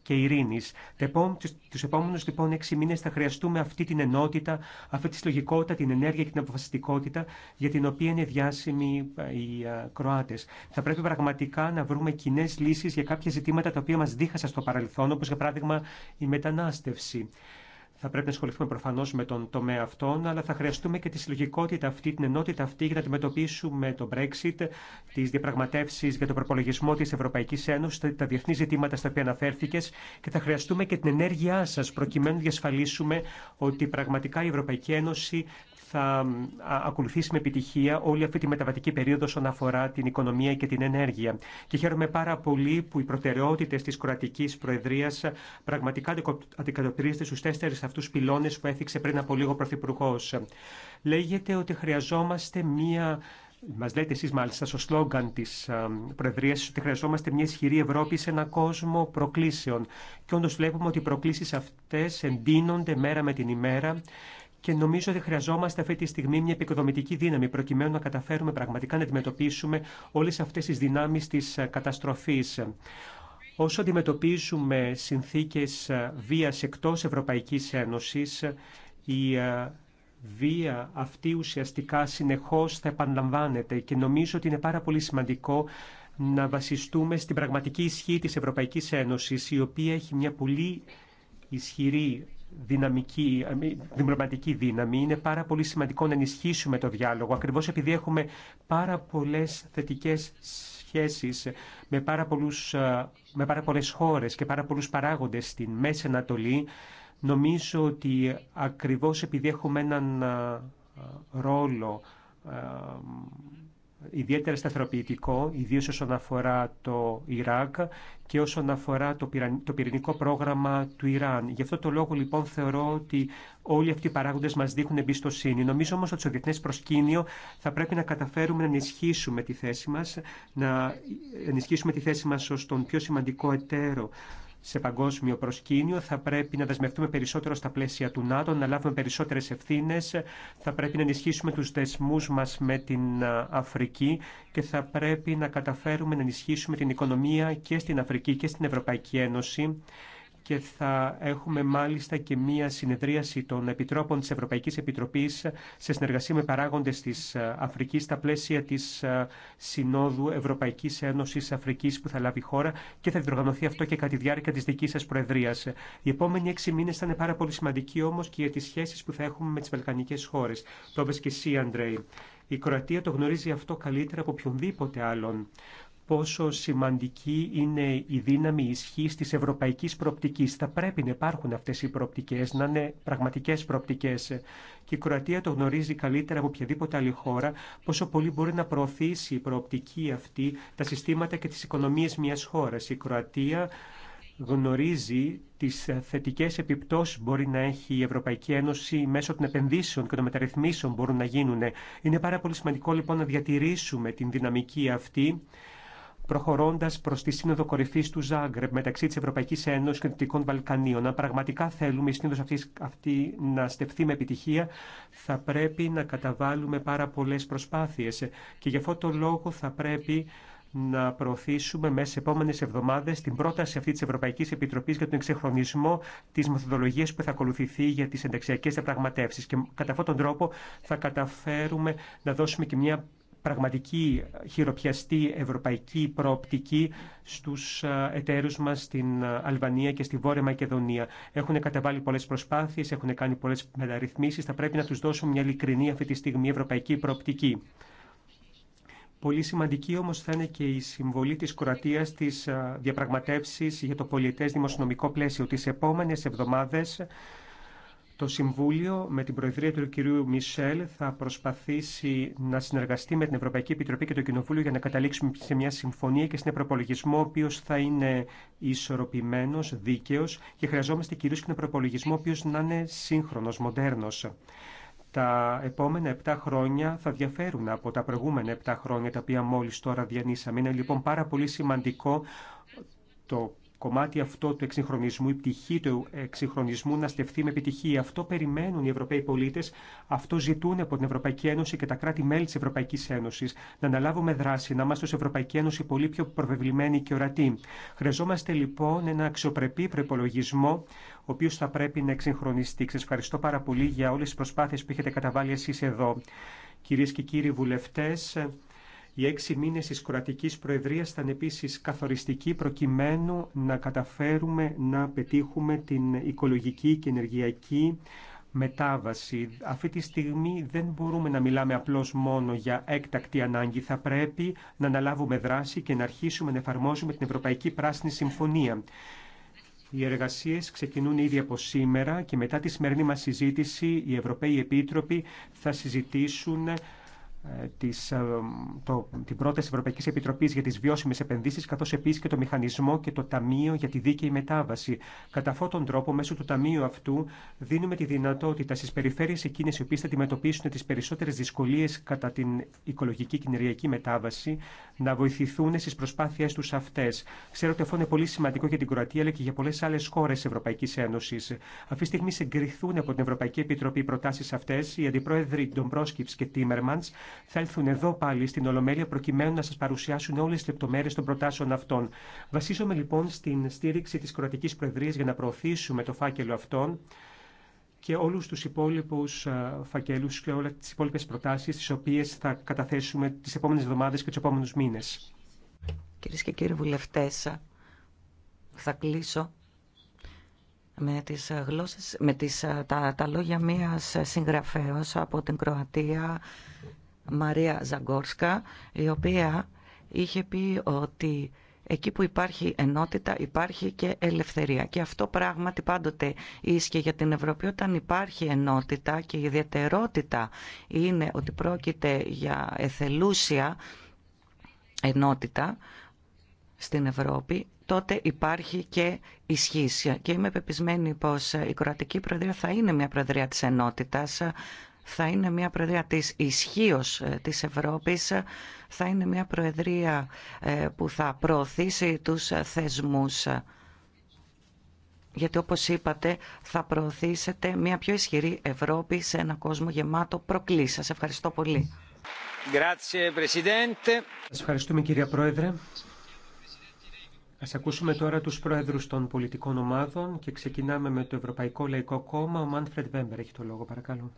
και ειρήνη. Λοιπόν, του επόμενου λοιπόν έξι μήνε θα χρειαστούμε αυτή την ενότητα, αυτή τη συλλογικότητα, την ενέργεια και την αποφασιστικότητα για την οποία είναι διάσημοι οι Κροάτε. Θα πρέπει πραγματικά να βρούμε κοινέ λύσει για κάποια ζητήματα τα οποία μα δίχασαν στο παρελθόν, όπω για παράδειγμα η μετανάστευση. Θα πρέπει να ασχοληθούμε προφανώ με τον τομέα αυτόν, αλλά θα χρειαστούμε και τη συλλογικότητα αυτή, την ενότητα αυτή για να αντιμετωπίσουμε το Brexit, τι διαπραγματεύσει για τον προπολογισμό τη Ευρωπαϊκή Ένωση, τα διεθνή ζητήματα στα οποία αναφέρθηκε και θα χρειαστούμε και την ενέργειά σα προκειμένου να διασφαλίσουμε ότι πραγματικά η Ευρωπαϊκή Ένωση θα ακολουθήσει με επιτυχία όλη αυτή τη μεταβατική περίοδο όσον αφορά την οικονομία και την ενέργεια. Και χαίρομαι πάρα πολύ που οι προτεραιότητε τη Κροατική Προεδρία πραγματικά αντικατοπτρίζονται στου τέσσερι αυτού πυλώνε που έθιξε πριν από λίγο ο Πρωθυπουργό. Λέγεται ότι χρειαζόμαστε μία Μα λέτε εσεί, μάλιστα, στο σλόγγαν τη Προεδρία, ότι χρειαζόμαστε μια ισχυρή Ευρώπη σε ένα κόσμο προκλήσεων. Και όντω βλέπουμε ότι οι προκλήσει αυτέ εντείνονται μέρα με την ημέρα και νομίζω ότι χρειαζόμαστε αυτή τη στιγμή μια επικοδομητική δύναμη προκειμένου να καταφέρουμε πραγματικά να αντιμετωπίσουμε όλες αυτές τις δυνάμεις της ε, καταστροφής. Όσο αντιμετωπίζουμε συνθήκες ε, βίας εκτός Ευρωπαϊκής Ένωσης, η ε, βία αυτή ουσιαστικά συνεχώς θα επαναλαμβάνεται και νομίζω ότι είναι πάρα πολύ σημαντικό να βασιστούμε στην πραγματική ισχύ της Ευρωπαϊκής Ένωσης, η οποία έχει μια πολύ ισχυρή δυναμική, ε, διπλωματική δύναμη. Είναι πάρα πολύ σημαντικό να ενισχύσουμε το διάλογο, ακριβώς επειδή έχουμε πάρα πολλές θετικές σχέσεις με πάρα, πολλούς, ε, με πάρα πολλές χώρες και πάρα πολλούς παράγοντες στην Μέση Ανατολή. Νομίζω ότι ακριβώς επειδή έχουμε έναν ε, ρόλο ιδιαίτερα σταθεροποιητικό, ιδίω όσον αφορά το Ιράκ και όσον αφορά το πυρηνικό πρόγραμμα του Ιράν. Γι' αυτό το λόγο λοιπόν θεωρώ ότι όλοι αυτοί οι παράγοντε μα δείχνουν εμπιστοσύνη. Νομίζω όμω ότι στο διεθνέ προσκήνιο θα πρέπει να καταφέρουμε να ενισχύσουμε τη θέση μα, να ενισχύσουμε τη θέση μα ω τον πιο σημαντικό εταίρο σε παγκόσμιο προσκήνιο, θα πρέπει να δεσμευτούμε περισσότερο στα πλαίσια του ΝΑΤΟ, να λάβουμε περισσότερε ευθύνε, θα πρέπει να ενισχύσουμε του δεσμού μα με την Αφρική και θα πρέπει να καταφέρουμε να ενισχύσουμε την οικονομία και στην Αφρική και στην Ευρωπαϊκή Ένωση και θα έχουμε μάλιστα και μία συνεδρίαση των Επιτρόπων της Ευρωπαϊκής Επιτροπής σε συνεργασία με παράγοντες της ε, Αφρικής στα πλαίσια της ε, Συνόδου Ευρωπαϊκής Ένωσης Αφρικής που θα λάβει χώρα και θα διοργανωθεί αυτό και κατά τη διάρκεια της δικής σας Προεδρίας. Οι επόμενοι έξι μήνες θα είναι πάρα πολύ σημαντικοί όμως και για τις σχέσεις που θα έχουμε με τις Βαλκανικές χώρες. Το είπες και εσύ, Αντρέη. Η Κροατία το γνωρίζει αυτό καλύτερα από οποιονδήποτε άλλον πόσο σημαντική είναι η δύναμη ισχύ τη ευρωπαϊκή προοπτική. Θα πρέπει να υπάρχουν αυτέ οι προοπτικέ, να είναι πραγματικέ προοπτικέ. Και η Κροατία το γνωρίζει καλύτερα από οποιαδήποτε άλλη χώρα, πόσο πολύ μπορεί να προωθήσει η προοπτική αυτή τα συστήματα και τι οικονομίε μια χώρα. Η Κροατία γνωρίζει τις θετικές επιπτώσεις μπορεί να έχει η Ευρωπαϊκή Ένωση μέσω των επενδύσεων και των μεταρρυθμίσεων μπορούν να γίνουν. Είναι πάρα πολύ σημαντικό λοιπόν να διατηρήσουμε την δυναμική αυτή προχωρώντα προ τη Σύνοδο Κορυφή του Ζάγκρεπ μεταξύ τη Ευρωπαϊκή Ένωση και των Δυτικών Βαλκανίων. Αν πραγματικά θέλουμε η Σύνοδο αυτή, αυτή να στεφθεί με επιτυχία, θα πρέπει να καταβάλουμε πάρα πολλέ προσπάθειε. Και γι' αυτό το λόγο θα πρέπει να προωθήσουμε μέσα σε επόμενε εβδομάδε την πρόταση αυτή τη Ευρωπαϊκή Επιτροπή για τον εξεχρονισμό τη μεθοδολογία που θα ακολουθηθεί για τι ενταξιακέ διαπραγματεύσει. Και κατά αυτόν τον τρόπο θα καταφέρουμε να δώσουμε και μια πραγματική χειροπιαστή ευρωπαϊκή προοπτική στους ε, εταίρους μας στην ε, Αλβανία και στη Βόρεια Μακεδονία. Έχουν καταβάλει πολλές προσπάθειες, έχουν κάνει πολλές μεταρρυθμίσεις, θα πρέπει να τους δώσουμε μια ειλικρινή αυτή τη στιγμή ευρωπαϊκή προοπτική. Πολύ σημαντική όμως θα είναι και η συμβολή της Κροατίας στις ε, διαπραγματεύσεις για το πολιτές δημοσιονομικό πλαίσιο. Τις επόμενες εβδομάδες το Συμβούλιο με την Προεδρία του κυρίου Μισελ θα προσπαθήσει να συνεργαστεί με την Ευρωπαϊκή Επιτροπή και το Κοινοβούλιο για να καταλήξουμε σε μια συμφωνία και σε ένα προπολογισμό ο οποίο θα είναι ισορροπημένο, δίκαιο και χρειαζόμαστε κυρίω και ένα προπολογισμό ο οποίο να είναι σύγχρονο, μοντέρνο. Τα επόμενα 7 χρόνια θα διαφέρουν από τα προηγούμενα 7 χρόνια τα οποία μόλι τώρα διανύσαμε. Είναι λοιπόν πάρα πολύ σημαντικό το κομμάτι αυτό του εξυγχρονισμού, η πτυχή του εξυγχρονισμού να στεφθεί με επιτυχία. Αυτό περιμένουν οι Ευρωπαίοι πολίτε, αυτό ζητούν από την Ευρωπαϊκή Ένωση και τα κράτη-μέλη τη Ευρωπαϊκή Ένωση. Να αναλάβουμε δράση, να είμαστε ω Ευρωπαϊκή Ένωση πολύ πιο προβεβλημένοι και ορατοί. Χρειαζόμαστε λοιπόν ένα αξιοπρεπή προπολογισμό, ο οποίο θα πρέπει να εξυγχρονιστεί. Σα ευχαριστώ πάρα πολύ για όλε τι προσπάθειε που έχετε καταβάλει εσεί εδώ. Κυρίε και κύριοι βουλευτέ, οι έξι μήνες της κρατική προεδρίας ήταν επίσης καθοριστικοί προκειμένου να καταφέρουμε να πετύχουμε την οικολογική και ενεργειακή μετάβαση. Αυτή τη στιγμή δεν μπορούμε να μιλάμε απλώς μόνο για έκτακτη ανάγκη. Θα πρέπει να αναλάβουμε δράση και να αρχίσουμε να εφαρμόζουμε την Ευρωπαϊκή Πράσινη Συμφωνία. Οι εργασίε ξεκινούν ήδη από σήμερα και μετά τη σημερινή μα συζήτηση οι Ευρωπαίοι Επίτροποι θα συζητήσουν ε, της, ε, το, την πρόταση Ευρωπαϊκή Επιτροπή για τι βιώσιμε επενδύσει, καθώ επίση και το μηχανισμό και το Ταμείο για τη Δίκαιη Μετάβαση. Κατά αυτόν τον τρόπο, μέσω του Ταμείου αυτού, δίνουμε τη δυνατότητα στι περιφέρειες εκείνε οι οποίε θα αντιμετωπίσουν τι περισσότερε δυσκολίε κατά την οικολογική και ενεργειακή μετάβαση να βοηθηθούν στι προσπάθειέ του αυτέ. Ξέρω ότι αυτό είναι πολύ σημαντικό για την Κροατία αλλά και για πολλέ άλλε χώρε Ευρωπαϊκή Ένωση. Αυτή τη στιγμή συγκριθούν από την Ευρωπαϊκή Επιτροπή προτάσει αυτέ. Οι αντιπρόεδροι και Τίμερμαντ θα έλθουν εδώ πάλι στην Ολομέλεια προκειμένου να σα παρουσιάσουν όλε τι λεπτομέρειε των προτάσεων αυτών. Βασίζομαι λοιπόν στην στήριξη τη Κροατική Προεδρία για να προωθήσουμε το φάκελο αυτόν και όλου του υπόλοιπου φακέλου και όλε τι υπόλοιπε προτάσει, τι οποίε θα καταθέσουμε τι επόμενε εβδομάδε και του επόμενου μήνε. Κυρίε και κύριοι βουλευτέ, θα κλείσω με τις γλώσσες, με τις, τα, τα λόγια μίας συγγραφέως από την Κροατία Μαρία Ζαγκόρσκα, η οποία είχε πει ότι εκεί που υπάρχει ενότητα υπάρχει και ελευθερία. Και αυτό πράγματι πάντοτε ίσχυε για την Ευρώπη όταν υπάρχει ενότητα και η ιδιαιτερότητα είναι ότι πρόκειται για εθελούσια ενότητα στην Ευρώπη, τότε υπάρχει και ισχύσια. Και είμαι πεπισμένη πως η Κροατική Προεδρία θα είναι μια Προεδρία της Ενότητας, θα είναι μια προεδρία της ισχύω ε, της Ευρώπης, θα είναι μια προεδρία ε, που θα προωθήσει τους θεσμούς γιατί όπως είπατε θα προωθήσετε μια πιο ισχυρή Ευρώπη σε ένα κόσμο γεμάτο προκλήσεις. Σας ευχαριστώ πολύ. Σας ευχαριστούμε κυρία Πρόεδρε. Ας ακούσουμε τώρα τους πρόεδρους των πολιτικών ομάδων και ξεκινάμε με το Ευρωπαϊκό Λαϊκό Κόμμα. Ο Μάνφρεντ Βέμπερ έχει το λόγο παρακαλώ.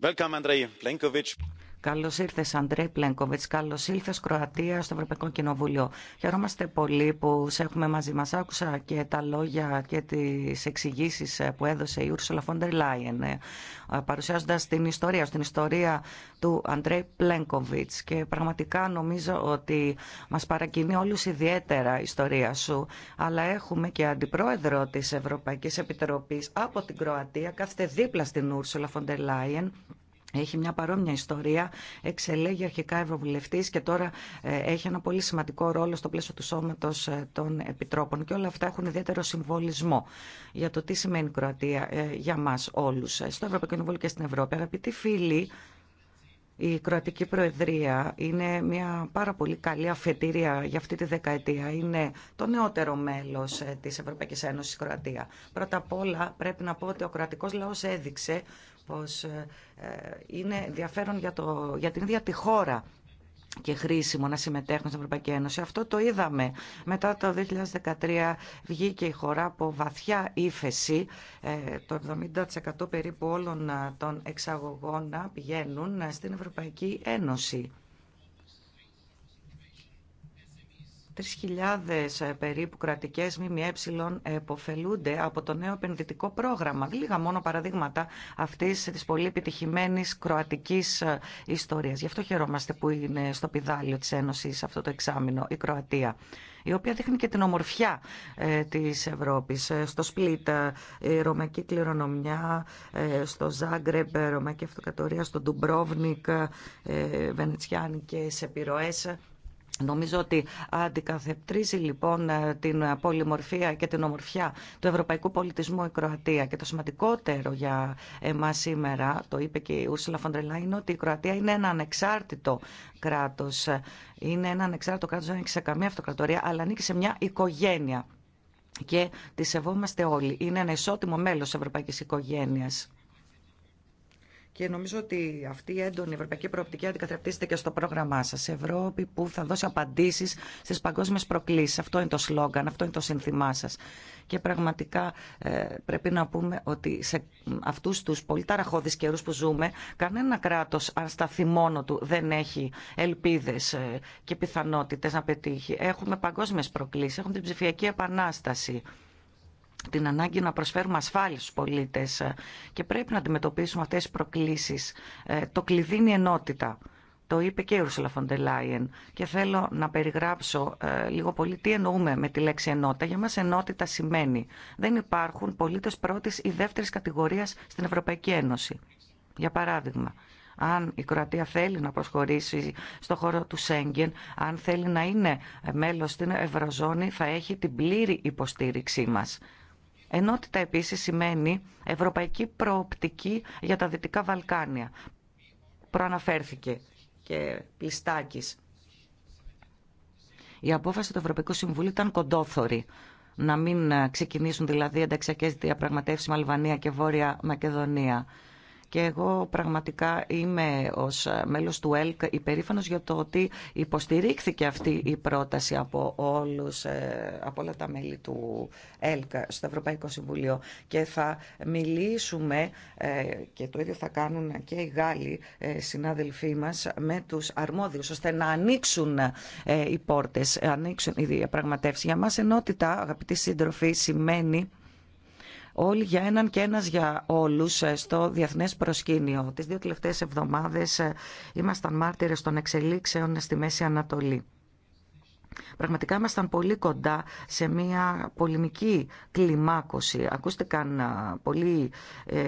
Welcome, Andrei Plenković. Καλώ ήρθε, Αντρέ Πλένκοβιτ. Καλώ ήρθε, Κροατία, στο Ευρωπαϊκό Κοινοβούλιο. Χαιρόμαστε πολύ που σε έχουμε μαζί μα. Άκουσα και τα λόγια και τι εξηγήσει που έδωσε η Ursula Φόντερ Λάιεν ε, παρουσιάζοντα την ιστορία, στην ιστορία του Αντρέ Πλένκοβιτ. Και πραγματικά νομίζω ότι μα παρακινεί όλου ιδιαίτερα η ιστορία σου. Αλλά έχουμε και αντιπρόεδρο τη Ευρωπαϊκή Επιτροπή από την Κροατία, κάθεται δίπλα στην Ursula Φόντερ Λάιεν. Έχει μια παρόμοια ιστορία. Εξελέγει αρχικά ευρωβουλευτή και τώρα ε, έχει ένα πολύ σημαντικό ρόλο στο πλαίσιο του σώματο ε, των επιτρόπων. Και όλα αυτά έχουν ιδιαίτερο συμβολισμό για το τι σημαίνει η Κροατία ε, για μα όλου, στο Ευρωπαϊκό Κοινοβούλιο και στην Ευρώπη. Αγαπητοί φίλοι, η Κροατική Προεδρία είναι μια πάρα πολύ καλή αφετηρία για αυτή τη δεκαετία. Είναι το νεότερο μέλο τη Ευρωπαϊκή Ένωση Κροατία. Πρώτα απ' όλα πρέπει να πω ότι ο κρατικό λαό έδειξε πως ε, ε, είναι ενδιαφέρον για, το, για την ίδια τη χώρα και χρήσιμο να συμμετέχουν στην Ευρωπαϊκή Ένωση. Αυτό το είδαμε. Μετά το 2013 βγήκε η χώρα από βαθιά ύφεση. Ε, το 70% περίπου όλων των εξαγωγών πηγαίνουν στην Ευρωπαϊκή Ένωση. 3.000 ε, περίπου κρατικέ ΜΜΕ εποφελούνται από το νέο επενδυτικό πρόγραμμα. Λίγα μόνο παραδείγματα αυτή τη πολύ επιτυχημένη κροατική ε, ιστορία. Γι' αυτό χαιρόμαστε που είναι στο πιδάλιο της Ένωσης αυτό το εξάμεινο η Κροατία η οποία δείχνει και την ομορφιά ε, της Ευρώπης. Στο Σπλίτ, ρωμαϊκή κληρονομιά, στο Ζάγκρεμπ, ρωμαϊκή αυτοκρατορία, στο Ντουμπρόβνικ, βενετσιάνικες επιρροές Νομίζω ότι αντικαθεπτρίζει λοιπόν ε, την πολυμορφία και την ομορφιά του ευρωπαϊκού πολιτισμού η Κροατία. Και το σημαντικότερο για εμά σήμερα, το είπε και η Ούρσουλα Φοντρελά, είναι ότι η Κροατία είναι ένα ανεξάρτητο κράτο. Είναι ένα ανεξάρτητο κράτο, δεν ανήκει σε καμία αυτοκρατορία, αλλά ανήκει σε μια οικογένεια. Και τη σεβόμαστε όλοι. Είναι ένα ισότιμο μέλο τη ευρωπαϊκή οικογένεια. Και νομίζω ότι αυτή η έντονη ευρωπαϊκή προοπτική αντικαθρεπτίζεται και στο πρόγραμμά σα. Ευρώπη που θα δώσει απαντήσει στι παγκόσμιε προκλήσει. Αυτό είναι το σλόγγαν, αυτό είναι το σύνθημά σα. Και πραγματικά ε, πρέπει να πούμε ότι σε αυτού του πολύ ταραχώδει καιρού που ζούμε, κανένα κράτο, αν σταθεί μόνο του, δεν έχει ελπίδε ε, και πιθανότητε να πετύχει. Έχουμε παγκόσμιε προκλήσει, έχουμε την ψηφιακή επανάσταση την ανάγκη να προσφέρουμε ασφάλεια στους πολίτες ε, και πρέπει να αντιμετωπίσουμε αυτές τις προκλήσεις. Ε, το κλειδί είναι η ενότητα. Το είπε και η Ursula von Και θέλω να περιγράψω ε, λίγο πολύ τι εννοούμε με τη λέξη ενότητα. Για μας ενότητα σημαίνει δεν υπάρχουν πολίτες πρώτης ή δεύτερης κατηγορίας στην Ευρωπαϊκή Ένωση. Για παράδειγμα, αν η Κροατία θέλει να προσχωρήσει στο χώρο του Σέγγεν, αν θέλει να είναι μέλος στην Ευρωζώνη, θα έχει την πλήρη υποστήριξή μας. Ενότητα επίση σημαίνει ευρωπαϊκή προοπτική για τα Δυτικά Βαλκάνια. Προαναφέρθηκε και Πιστάκης Η απόφαση του Ευρωπαϊκού Συμβουλίου ήταν κοντόθωρη να μην ξεκινήσουν δηλαδή ενταξιακέ διαπραγματεύσει με Αλβανία και Βόρεια Μακεδονία και εγώ πραγματικά είμαι ως ε, μέλος του ΕΛΚ υπερήφανος για το ότι υποστηρίχθηκε αυτή η πρόταση από, όλους, ε, από όλα τα μέλη του ΕΛΚ στο Ευρωπαϊκό Συμβουλίο και θα μιλήσουμε ε, και το ίδιο θα κάνουν και οι Γάλλοι συνάδελφοί μας με τους αρμόδιους ώστε να ανοίξουν οι πόρτες, ανοίξουν οι διαπραγματεύσεις. Για μας ενότητα, αγαπητοί σύντροφοι, σημαίνει όλοι για έναν και ένας για όλους ε, στο διεθνές προσκήνιο. Τις δύο τελευταίες εβδομάδες ε, ήμασταν μάρτυρες των εξελίξεων στη Μέση Ανατολή. Πραγματικά ήμασταν πολύ κοντά σε μια πολεμική κλιμάκωση. Ακούστηκαν ε, πολύ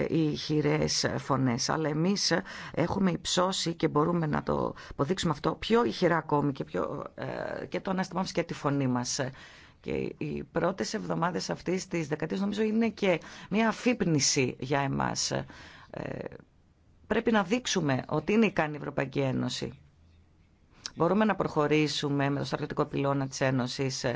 ηχηρέ φωνές, αλλά εμείς έχουμε υψώσει και μπορούμε να το αποδείξουμε αυτό πιο ηχηρά ακόμη και, πιο, και το ανάστημά και τη φωνή μα. Και οι πρώτες εβδομάδες αυτής της δεκαετίας νομίζω είναι και μια αφύπνιση για εμάς. Ε, πρέπει να δείξουμε ότι είναι ικανή η Ευρωπαϊκή Ένωση. Μπορούμε να προχωρήσουμε με το στρατιωτικό πυλώνα της ένωση. Ε,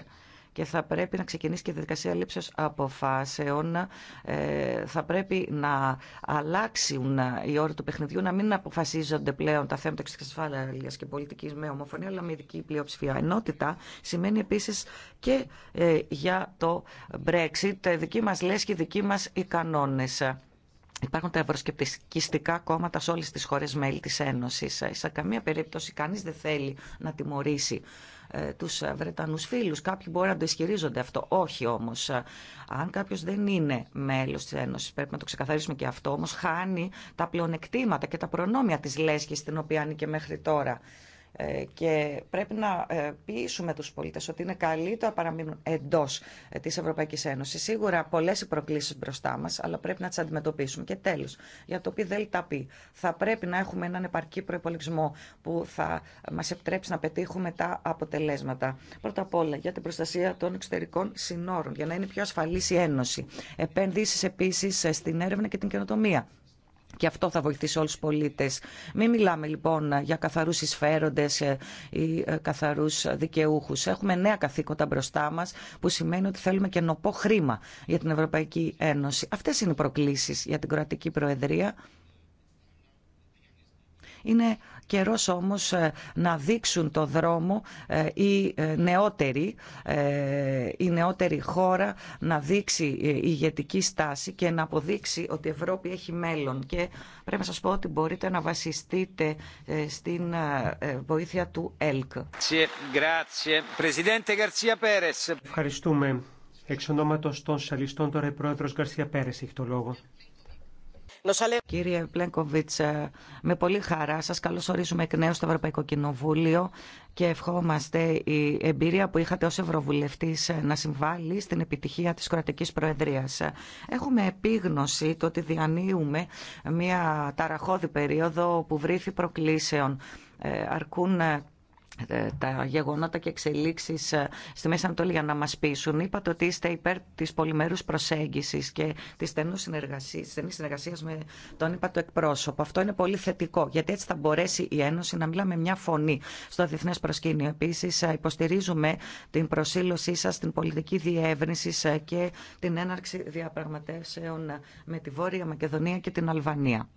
και θα πρέπει να ξεκινήσει και η διαδικασία λήψη αποφάσεων. Ε, θα πρέπει να αλλάξουν οι όροι του παιχνιδιού, να μην αποφασίζονται πλέον τα θέματα ασφάλεια και πολιτική με ομοφωνία, αλλά με ειδική πλειοψηφία. Ενότητα σημαίνει επίση και ε, για το Brexit. Δική μα λέσχη, δική μα οι κανόνε. Υπάρχουν τα ευρωσκεπτικιστικά κόμματα σε όλες τις χώρες μέλη της Ένωσης. Ε, σε καμία περίπτωση κανείς δεν θέλει να τιμωρήσει ε, τους Βρετανούς φίλους. Κάποιοι μπορεί να το ισχυρίζονται αυτό. Όχι όμως. Ε, αν κάποιος δεν είναι μέλος της Ένωσης, πρέπει να το ξεκαθαρίσουμε και αυτό, όμως χάνει τα πλεονεκτήματα και τα προνόμια της λέσκης στην οποία είναι μέχρι τώρα. Ε, και πρέπει να ε, πείσουμε τους πολίτες ότι είναι καλύτερο να παραμείνουν εντός ε, της Ευρωπαϊκής Ένωσης. Σίγουρα πολλές οι προκλήσεις μπροστά μας, αλλά πρέπει να τις αντιμετωπίσουμε. Και τέλος, για το πει. θα πρέπει να έχουμε έναν επαρκή προπολογισμό που θα μας επιτρέψει να πετύχουμε τα αποτελέσματα. Πρώτα απ' όλα για την προστασία των εξωτερικών συνόρων, για να είναι πιο ασφαλής η Ένωση. Επενδύσεις επίσης στην έρευνα και την καινοτομία. Και αυτό θα βοηθήσει όλους τους πολίτες. Μην μιλάμε λοιπόν για καθαρούς εισφέροντες ε, ή ε, καθαρούς δικαιούχους. Έχουμε νέα καθήκοντα μπροστά μας που σημαίνει ότι θέλουμε και νοπό χρήμα για την Ευρωπαϊκή Ένωση. Αυτές είναι οι προκλήσεις για την κρατική Προεδρία. Είναι Καιρός όμως ε, να δείξουν το δρόμο ε, η ε, νεότερη, η νεότερη χώρα να δείξει η ηγετική στάση και να αποδείξει ότι η Ευρώπη έχει μέλλον. Και πρέπει να σας πω ότι μπορείτε να βασιστείτε στην βοήθεια του ΕΛΚ. Ευχαριστούμε. Εξ ονόματος των Σαλιστών τώρα η πρόεδρος Γκαρσία Πέρες έχει το λόγο. Κύριε Πλένκοβιτς, ε, με πολύ χαρά σας καλωσορίζουμε εκ νέου στο Ευρωπαϊκό Κοινοβούλιο και ευχόμαστε η εμπειρία που είχατε ως Ευρωβουλευτής ε, να συμβάλλει στην επιτυχία της κρατικής προεδρίας. Έχουμε επίγνωση το ότι διανύουμε μια ταραχώδη περίοδο που βρήθη προκλήσεων ε, αρκούν ε, τα γεγονότα και εξελίξει ε, στη Μέση Ανατολή για να μα πείσουν. Είπατε ότι είστε υπέρ τη πολυμερού προσέγγιση και τη στενή συνεργασία με τον είπα το εκπρόσωπο. Αυτό είναι πολύ θετικό, γιατί έτσι θα μπορέσει η Ένωση να μιλά με μια φωνή στο διεθνέ προσκήνιο. Επίση, ε, υποστηρίζουμε την προσήλωσή σα στην πολιτική διεύρυνση και την έναρξη διαπραγματεύσεων με τη Βόρεια Μακεδονία και την Αλβανία.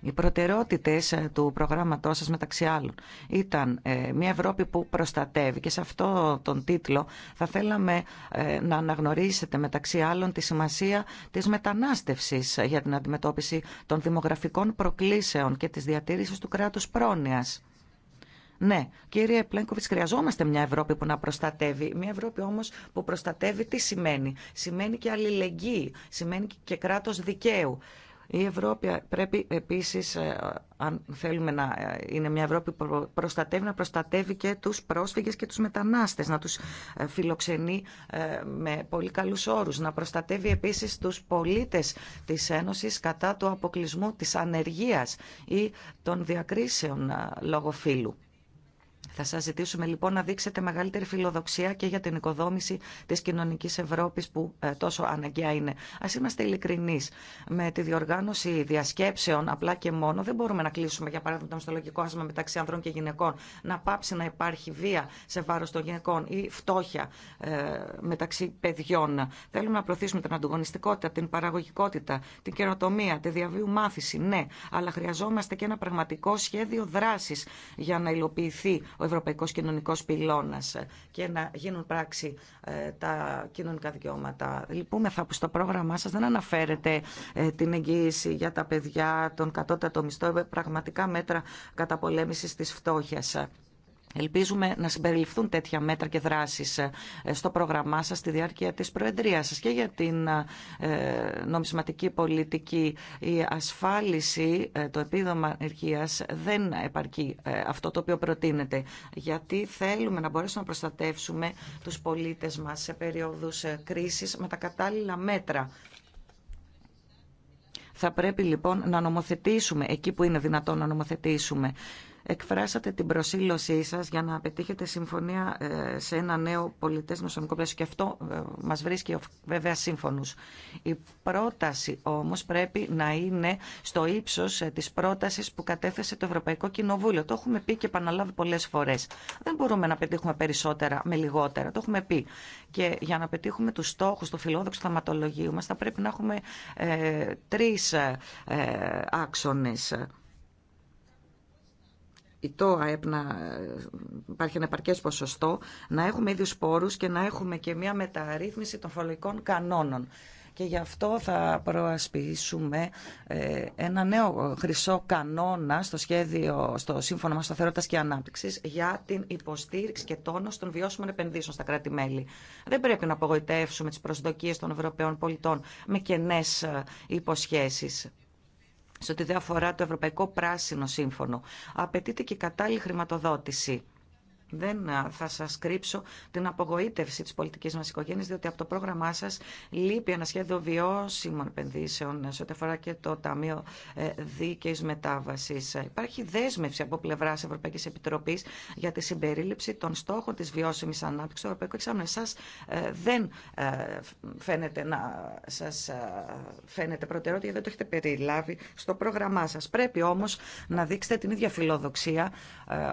Οι προτεραιότητες ε, του προγράμματός σας μεταξύ άλλων ήταν ε, μια Ευρώπη που προστατεύει και σε αυτό τον τίτλο θα θέλαμε ε, να αναγνωρίσετε μεταξύ άλλων τη σημασία της μετανάστευσης για την αντιμετώπιση των δημογραφικών προκλήσεων και της διατήρησης του κράτους πρόνοιας. Ναι, κύριε Πλένκοβιτ, χρειαζόμαστε μια Ευρώπη που να προστατεύει. Μια Ευρώπη όμω που προστατεύει τι σημαίνει. Σημαίνει και αλληλεγγύη, σημαίνει και κράτο δικαίου, η Ευρώπη πρέπει επίσης, ε, αν θέλουμε να ε, είναι μια Ευρώπη που προστατεύει, να προστατεύει και τους πρόσφυγες και τους μετανάστες, να τους ε, φιλοξενεί με πολύ καλούς όρους, να προστατεύει επίσης τους πολίτες της Ένωσης κατά του αποκλεισμού της ανεργίας ή των διακρίσεων λόγω φύλου. Θα σας ζητήσουμε λοιπόν να δείξετε μεγαλύτερη φιλοδοξία και για την οικοδόμηση της κοινωνικής Ευρώπης που ε, τόσο αναγκαία είναι. Ας είμαστε ειλικρινεί. Με τη διοργάνωση διασκέψεων απλά και μόνο δεν μπορούμε να κλείσουμε για παράδειγμα το μυστολογικό άσμα μεταξύ ανδρών και γυναικών. Να πάψει να υπάρχει βία σε βάρος των γυναικών ή φτώχεια ε, μεταξύ παιδιών. Θέλουμε να προωθήσουμε την ανταγωνιστικότητα, την παραγωγικότητα, την καινοτομία, τη διαβίου μάθηση, ναι. Αλλά χρειαζόμαστε και ένα πραγματικό σχέδιο δράση για να υλοποιηθεί ο Ευρωπαϊκός Κοινωνικό Πυλώνας ε, και να γίνουν πράξη ε, τα κοινωνικά δικαιώματα. Λυπούμεθα που στο πρόγραμμά σας δεν αναφέρετε ε, την εγγύηση για τα παιδιά, τον κατώτατο μισθό, πραγματικά μέτρα καταπολέμησης της φτώχειας. Ελπίζουμε να συμπεριληφθούν τέτοια μέτρα και δράσεις ε, στο πρόγραμμά σας στη διάρκεια της Προεδρίας σας και για την ε, ε, νομισματική πολιτική. Η ασφάλιση, το επίδομα εργασίας δεν επαρκεί αυτό το οποίο προτείνεται γιατί θέλουμε να μπορέσουμε να προστατεύσουμε τους πολίτες μας σε περίοδους κρίσης με τα κατάλληλα μέτρα. Θα πρέπει λοιπόν να νομοθετήσουμε εκεί που είναι δυνατόν να νομοθετήσουμε εκφράσατε την προσήλωσή σας για να πετύχετε συμφωνία ε, σε ένα νέο πολιτές νοσομικό πλαίσιο και αυτό ε, μας βρίσκει βέβαια σύμφωνους. Η πρόταση όμως πρέπει να είναι στο ύψος ε, της πρότασης που κατέθεσε το Ευρωπαϊκό Κοινοβούλιο. Το έχουμε πει και επαναλάβει πολλές φορές. Δεν μπορούμε να πετύχουμε περισσότερα με λιγότερα. Το έχουμε πει. Και για να πετύχουμε τους στόχους του φιλόδοξου θεματολογίου μας θα πρέπει να έχουμε ε, τρεις άξονες το ΑΕΠ υπάρχει ένα επαρκέ ποσοστό, να έχουμε ίδιου πόρου και να έχουμε και μια μεταρρύθμιση των φορολογικών κανόνων. Και γι' αυτό θα προασπίσουμε ε, ένα νέο χρυσό κανόνα στο σχέδιο, στο σύμφωνο μας σταθερότητας και ανάπτυξη, για την υποστήριξη και τόνο των βιώσιμων επενδύσεων στα κράτη-μέλη. Δεν πρέπει να απογοητεύσουμε τι προσδοκίε των Ευρωπαίων πολιτών με κενές ε, υποσχέσει σε ό,τι αφορά το Ευρωπαϊκό Πράσινο Σύμφωνο. Απαιτείται και κατάλληλη χρηματοδότηση δεν θα σα κρύψω την απογοήτευση τη πολιτική μα οικογένειας, διότι από το πρόγραμμά σα λείπει ένα σχέδιο βιώσιμων επενδύσεων σε ό,τι αφορά και το Ταμείο ε, Δίκαιης μετάβαση. Υπάρχει δέσμευση από πλευρά Ευρωπαϊκή Επιτροπή για τη συμπερίληψη των στόχων τη βιώσιμη ανάπτυξη του Ευρωπαϊκού Εξάμεινου. Εσά ε, δεν ε, φαίνεται να σας φαίνεται προτεραιότητα γιατί δεν το έχετε περιλάβει στο πρόγραμμά σα. Πρέπει όμω να δείξετε την ίδια φιλοδοξία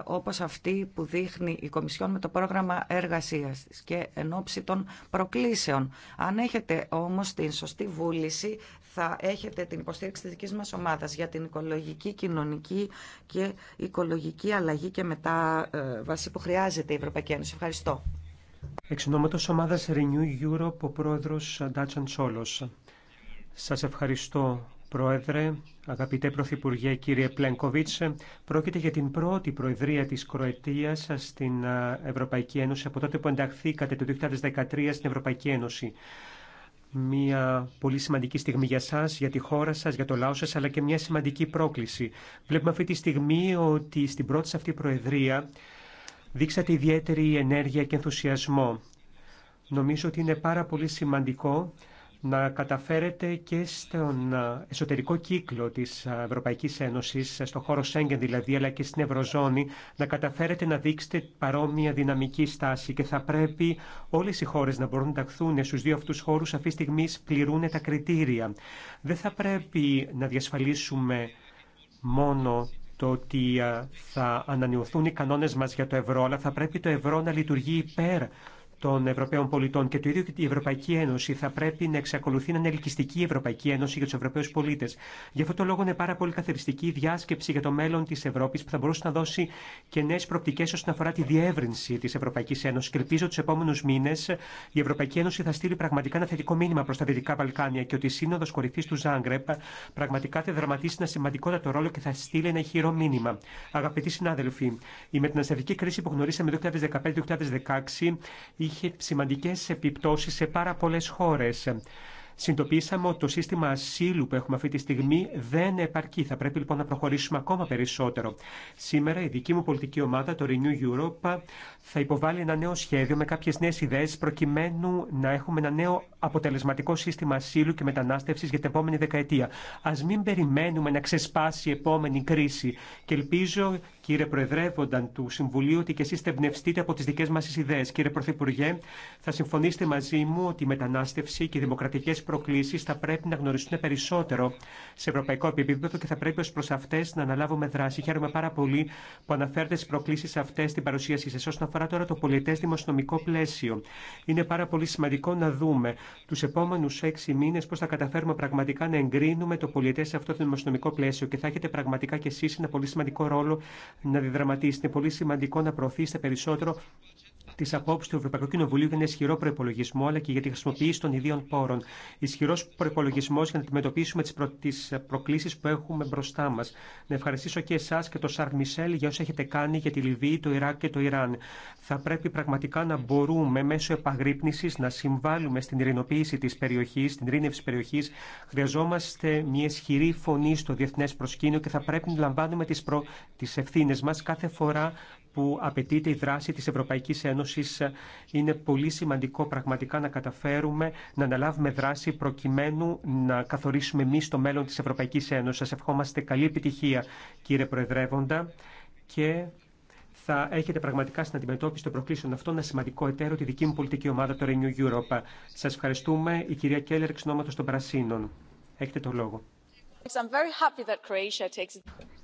όπω αυτή που δείχνει η Κομισιόν με το πρόγραμμα εργασίας και εν ώψη των προκλήσεων. Αν έχετε όμως την σωστή βούληση θα έχετε την υποστήριξη τη δική μας ομάδας για την οικολογική, κοινωνική και οικολογική αλλαγή και μετάβαση που χρειάζεται η Ευρωπαϊκή Ένωση. Ευχαριστώ. Εξ ονόματο ομάδας Renew Europe ο πρόεδρο Ντάτσαν Σας ευχαριστώ Πρόεδρε, αγαπητέ Πρωθυπουργέ, κύριε Πλένκοβιτς, πρόκειται για την πρώτη Προεδρία της Κροατίας στην Ευρωπαϊκή Ένωση από τότε που ενταχθήκατε το 2013 στην Ευρωπαϊκή Ένωση. Μια πολύ σημαντική στιγμή για σας, για τη χώρα σας, για το λαό σας, αλλά και μια σημαντική πρόκληση. Βλέπουμε αυτή τη στιγμή ότι στην πρώτη αυτή Προεδρία δείξατε ιδιαίτερη ενέργεια και ενθουσιασμό. Νομίζω ότι είναι πάρα πολύ σημαντικό να καταφέρετε και στον εσωτερικό κύκλο της Ευρωπαϊκής Ένωσης, ε, στον χώρο Σέγγεν δηλαδή, αλλά και στην Ευρωζώνη, να καταφέρετε να δείξετε παρόμοια δυναμική στάση και θα πρέπει όλες οι χώρες να μπορούν να ταχθούν στους δύο αυτούς χώρους, αυτή τη στιγμή πληρούν τα κριτήρια. Δεν θα πρέπει να διασφαλίσουμε μόνο το ότι θα ανανεωθούν οι κανόνες μας για το ευρώ, αλλά θα πρέπει το ευρώ να λειτουργεί υπέρ των Ευρωπαίων πολιτών και το ίδιο και η Ευρωπαϊκή Ένωση θα πρέπει να εξακολουθεί να είναι ελκυστική η Ευρωπαϊκή Ένωση για του Ευρωπαίου πολίτε. Γι' αυτό το λόγο είναι πάρα πολύ καθοριστική η διάσκεψη για το μέλλον τη Ευρώπη που θα μπορούσε να δώσει και νέε προπτικέ όσον αφορά τη διεύρυνση τη Ευρωπαϊκή Ένωση. Και ελπίζω του επόμενου μήνε η Ευρωπαϊκή Ένωση θα στείλει πραγματικά ένα θετικό μήνυμα προ τα Δυτικά Βαλκάνια και ότι η Σύνοδο Κορυφή του Ζάγκρεπ πραγματικά θα δραματίσει ένα σημαντικότατο ρόλο και θα στείλει ένα χειρό μήνυμα. Αγαπητοί συνάδελφοι, η μεταναστευτική κρίση που γνωρίσαμε το 2015-2016 είχε σημαντικές επιπτώσεις σε πάρα πολλές χώρες. Συντοπίσαμε ότι το σύστημα ασύλου που έχουμε αυτή τη στιγμή δεν επαρκεί. Θα πρέπει λοιπόν να προχωρήσουμε ακόμα περισσότερο. Σήμερα η δική μου πολιτική ομάδα, το Renew Europe, θα υποβάλει ένα νέο σχέδιο με κάποιε νέε ιδέε προκειμένου να έχουμε ένα νέο αποτελεσματικό σύστημα ασύλου και μετανάστευση για την επόμενη δεκαετία. Α μην περιμένουμε να ξεσπάσει η επόμενη κρίση. Και ελπίζω Κύριε Προεδρεύονταν του Συμβουλίου, ότι και εσεί από τι δικέ μα ιδέε. Κύριε Πρωθυπουργέ, θα συμφωνήσετε μαζί μου ότι η μετανάστευση και οι δημοκρατικέ προκλήσει θα πρέπει να γνωριστούν περισσότερο σε ευρωπαϊκό επίπεδο και θα πρέπει ω προ αυτέ να αναλάβουμε δράση. Χαίρομαι πάρα πολύ που αναφέρετε τι προκλήσει αυτέ στην παρουσίασή σα. Όσον αφορά τώρα το πολιτέ δημοσιονομικό πλαίσιο, είναι πάρα πολύ σημαντικό να δούμε του επόμενου έξι μήνε πώ θα καταφέρουμε πραγματικά να εγκρίνουμε το πολιτέ σε αυτό το δημοσιονομικό πλαίσιο και θα έχετε πραγματικά κι εσεί ένα πολύ σημαντικό ρόλο να διδραματίσει. Είναι πολύ σημαντικό να προωθήσετε περισσότερο τι απόψει του Ευρωπαϊκού Κοινοβουλίου για ένα ισχυρό προπολογισμό αλλά και για τη χρησιμοποίηση των ιδίων πόρων. Ισχυρό προπολογισμό για να αντιμετωπίσουμε τι προ... προκλήσει που έχουμε μπροστά μα. Να ευχαριστήσω και εσά και το Σαρ Μισελ για όσα έχετε κάνει για τη Λιβύη, το Ιράκ και το Ιράν. Θα πρέπει πραγματικά να μπορούμε μέσω επαγρύπνηση να συμβάλλουμε στην ειρηνοποίηση τη περιοχή, στην ειρήνευση περιοχή. Χρειαζόμαστε μια ισχυρή φωνή στο διεθνέ προσκήνιο και θα πρέπει να λαμβάνουμε τι προ... ευθύνε μα κάθε φορά που απαιτείται η δράση της Ευρωπαϊκής Ένωσης. Ε, είναι πολύ σημαντικό πραγματικά να καταφέρουμε να αναλάβουμε δράση προκειμένου να καθορίσουμε εμεί το μέλλον της Ευρωπαϊκής Ένωσης. Σας ευχόμαστε καλή επιτυχία κύριε Προεδρεύοντα και θα έχετε πραγματικά στην αντιμετώπιση των προκλήσεων αυτών ένα σημαντικό εταίρο τη δική μου πολιτική ομάδα, το Renew Europe. Σας ευχαριστούμε. Η κυρία Κέλλερ, εξ των Πρασίνων. Έχετε το λόγο.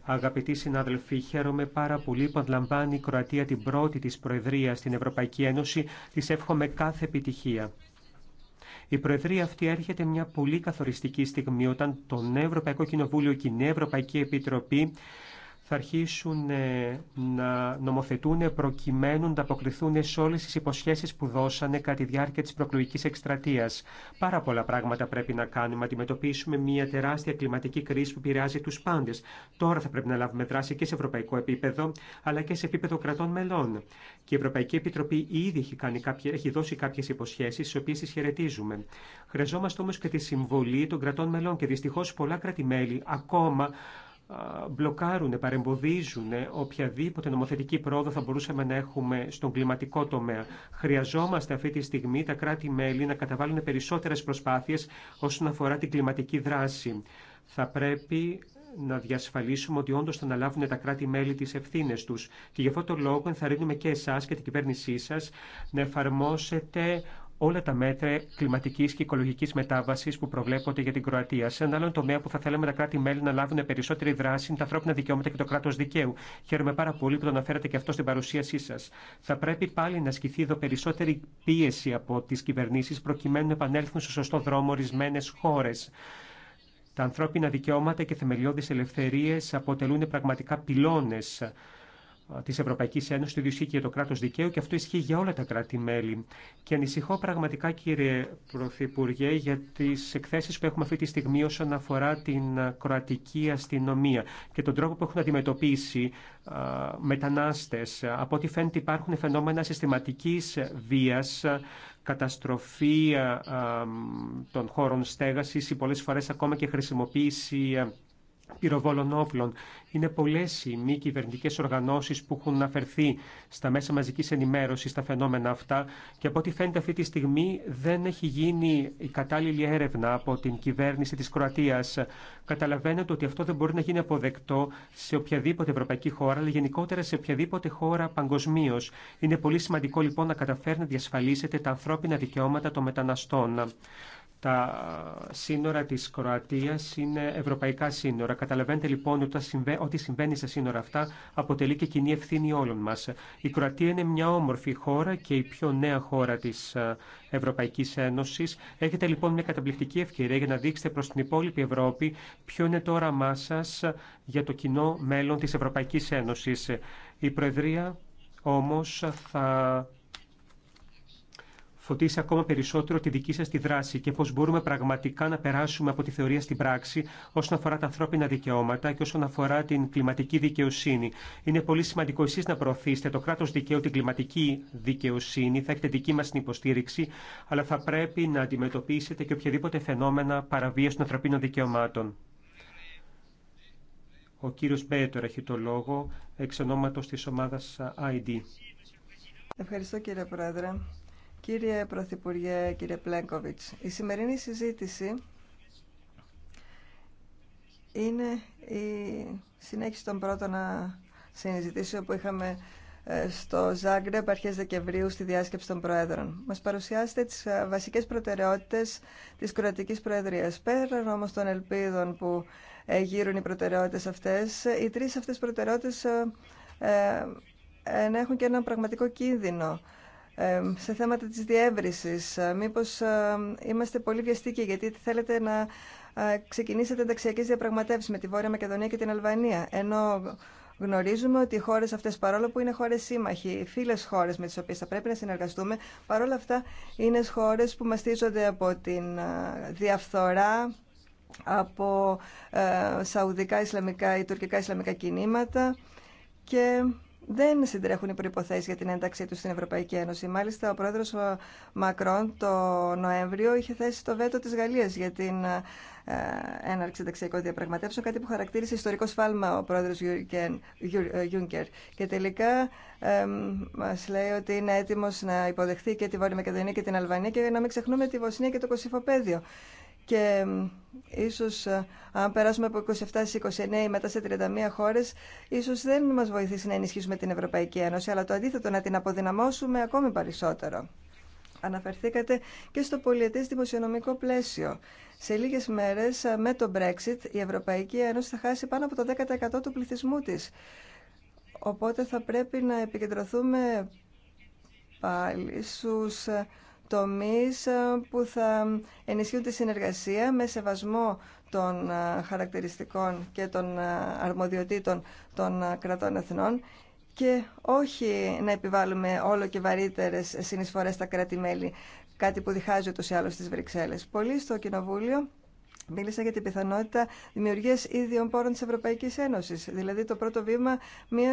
Αγαπητοί συνάδελφοι, χαίρομαι πάρα πολύ που αντλαμβάνει η Κροατία την πρώτη της Προεδρία στην Ευρωπαϊκή Ένωση. Της εύχομαι κάθε επιτυχία. Η Προεδρία αυτή έρχεται μια πολύ καθοριστική στιγμή όταν το Ευρωπαϊκό Κοινοβούλιο και η Ευρωπαϊκή Επιτροπή θα αρχίσουν ε, να νομοθετούν προκειμένου να αποκριθούν... σε όλε τι υποσχέσει που δώσανε κατά τη διάρκεια τη προκλογική εκστρατεία. Πάρα πολλά πράγματα πρέπει να κάνουμε. Να αντιμετωπίσουμε μια τεράστια κλιματική κρίση που επηρεάζει του πάντε. Τώρα θα πρέπει να λάβουμε δράση και σε ευρωπαϊκό επίπεδο, αλλά και σε επίπεδο κρατών μελών. Και η Ευρωπαϊκή Επιτροπή ήδη έχει, κάνει κάποια, έχει δώσει κάποιε υποσχέσει, τι οποίε τι χαιρετίζουμε. Χρειαζόμαστε όμω και τη συμβολή των κρατών μελών και δυστυχώ πολλά κράτη-μέλη ακόμα μπλοκάρουν, παρεμποδίζουν οποιαδήποτε νομοθετική πρόοδο θα μπορούσαμε να έχουμε στον κλιματικό τομέα. Χρειαζόμαστε αυτή τη στιγμή τα κράτη-μέλη να καταβάλουν περισσότερες προσπάθειες όσον αφορά την κλιματική δράση. Θα πρέπει να διασφαλίσουμε ότι όντω θα αναλάβουν τα κράτη-μέλη τι ευθύνε του. Και γι' αυτό το λόγο ενθαρρύνουμε και εσά και την κυβέρνησή σα να εφαρμόσετε όλα τα μέτρα κλιματική και οικολογική μετάβαση που προβλέπονται για την Κροατία. Σε ένα άλλο τομέα που θα θέλαμε τα κράτη-μέλη να λάβουν περισσότερη δράση είναι τα ανθρώπινα δικαιώματα και το κράτο δικαίου. Χαίρομαι πάρα πολύ που το αναφέρατε και αυτό στην παρουσίασή σα. Θα πρέπει πάλι να ασκηθεί εδώ περισσότερη πίεση από τι κυβερνήσει προκειμένου να επανέλθουν στο σωστό δρόμο ορισμένε χώρε. Τα ανθρώπινα δικαιώματα και θεμελιώδεις ελευθερίε αποτελούν πραγματικά πυλώνε. Ε, της Ευρωπαϊκής Ένωσης, το ίδιο ισχύει και για το κράτος δικαίου και αυτό ισχύει για όλα τα κράτη-μέλη. Και ανησυχώ πραγματικά κύριε Πρωθυπουργέ για τις εκθέσεις που έχουμε αυτή τη στιγμή όσον αφορά την κροατική αστυνομία και τον τρόπο που έχουν αντιμετωπίσει ε, μετανάστες. Από ό,τι φαίνεται υπάρχουν φαινόμενα συστηματικής βίας, καταστροφή ε, των χώρων στέγασης ή πολλές φορές ακόμα και χρησιμοποίηση πυροβόλων όπλων. Είναι πολλέ οι μη κυβερνητικέ οργανώσει που έχουν αναφερθεί στα μέσα μαζική ενημέρωση, στα φαινόμενα αυτά και από ό,τι φαίνεται αυτή τη στιγμή δεν έχει γίνει η κατάλληλη έρευνα από την κυβέρνηση τη Κροατία. Καταλαβαίνετε ότι αυτό δεν μπορεί να γίνει αποδεκτό σε οποιαδήποτε ευρωπαϊκή χώρα, αλλά γενικότερα σε οποιαδήποτε χώρα παγκοσμίω. Είναι πολύ σημαντικό λοιπόν να καταφέρει να διασφαλίσετε τα ανθρώπινα δικαιώματα των μεταναστών. Τα σύνορα της Κροατίας είναι ευρωπαϊκά σύνορα. Καταλαβαίνετε λοιπόν ότι ό,τι συμβαίνει σε σύνορα αυτά αποτελεί και κοινή ευθύνη όλων μας. Η Κροατία είναι μια όμορφη χώρα και η πιο νέα χώρα της ε, Ευρωπαϊκής Ένωσης. Έχετε λοιπόν μια καταπληκτική ευκαιρία για να δείξετε προς την υπόλοιπη Ευρώπη ποιο είναι το όραμά σας για το κοινό μέλλον της Ευρωπαϊκής Ένωσης. Η Προεδρία όμως θα φωτίσει ακόμα περισσότερο τη δική σα τη δράση και πώ μπορούμε πραγματικά να περάσουμε από τη θεωρία στην πράξη όσον αφορά τα ανθρώπινα δικαιώματα και όσον αφορά την κλιματική δικαιοσύνη. Είναι πολύ σημαντικό εσεί να προωθήσετε το κράτο δικαίου την κλιματική δικαιοσύνη, θα έχετε δική μα την υποστήριξη, αλλά θα πρέπει να αντιμετωπίσετε και οποιαδήποτε φαινόμενα παραβίαση των ανθρωπίνων δικαιωμάτων. Ο κύριος Μπέτορ έχει το λόγο εξ ονόματος της ομάδας ID. Ευχαριστώ κύριε Πρόεδρε. Κύριε Πρωθυπουργέ, κύριε Πλένκοβιτς, η σημερινή συζήτηση είναι η συνέχιση των πρώτων συζητήσεων που είχαμε ε, στο Ζάγκρεπ αρχές Δεκεμβρίου στη διάσκεψη των Προέδρων. Μας παρουσιάσετε τις ε, βασικές προτεραιότητες της Κροατικής Προεδρίας. Πέραν όμως των ελπίδων που ε, γύρουν οι προτεραιότητες αυτές, οι τρεις αυτές προτεραιότητες έχουν και ένα πραγματικό κίνδυνο σε θέματα της διεύρυνσης. Ε, μήπως ε, είμαστε πολύ βιαστικοί γιατί θέλετε να ε, ξεκινήσετε ενταξιακές διαπραγματεύσεις με τη Βόρεια Μακεδονία και την Αλβανία. Ενώ γνωρίζουμε ότι οι χώρες αυτές παρόλο που είναι χώρες σύμμαχοι, φίλες χώρες με τις οποίες θα πρέπει να συνεργαστούμε, παρόλα αυτά είναι χώρες που μαστίζονται από την διαφθορά, από σαουδικά, ισλαμικά ή τουρκικά ισλαμικά κινήματα και δεν συντρέχουν οι προϋποθέσεις για την ένταξή του στην Ευρωπαϊκή Ένωση. Μάλιστα, ο πρόεδρος Μακρόν το Νοέμβριο είχε θέσει το βέτο της Γαλλίας για την ε, έναρξη ενταξιακών διαπραγματεύσεων, κάτι που χαρακτήρισε ιστορικό σφάλμα ο πρόεδρο ε, Γιούνκερ. Και τελικά μα λέει ότι είναι έτοιμο να υποδεχθεί και τη Βόρεια Μακεδονία και την Αλβανία και να μην ξεχνούμε τη Βοσνία και το Κωσυφοπαίδιο και ίσως ε, αν περάσουμε από 27 στις 29 μετά σε 31 χώρες, ίσως δεν μας βοηθήσει να ενισχύσουμε την Ευρωπαϊκή Ένωση, αλλά το αντίθετο να την αποδυναμώσουμε ακόμη περισσότερο. Αναφερθήκατε και στο πολιετές δημοσιονομικό πλαίσιο. Σε λίγες μέρες ε, με το Brexit η Ευρωπαϊκή Ένωση θα χάσει πάνω από το 10% του πληθυσμού της. Οπότε θα πρέπει να επικεντρωθούμε πάλι στους ε, τομείς ε, που θα ενισχύουν τη συνεργασία με σεβασμό των ε, χαρακτηριστικών και των ε, αρμοδιοτήτων των κρατών εθνών και όχι να επιβάλλουμε όλο και βαρύτερες συνεισφορές στα κράτη-μέλη, κάτι που διχάζει ούτως ή άλλως στις Βρυξέλλες. Πολλοί στο Κοινοβούλιο Μίλησα για την πιθανότητα δημιουργία ίδιων πόρων τη Ευρωπαϊκή Ένωση, δηλαδή το πρώτο βήμα μια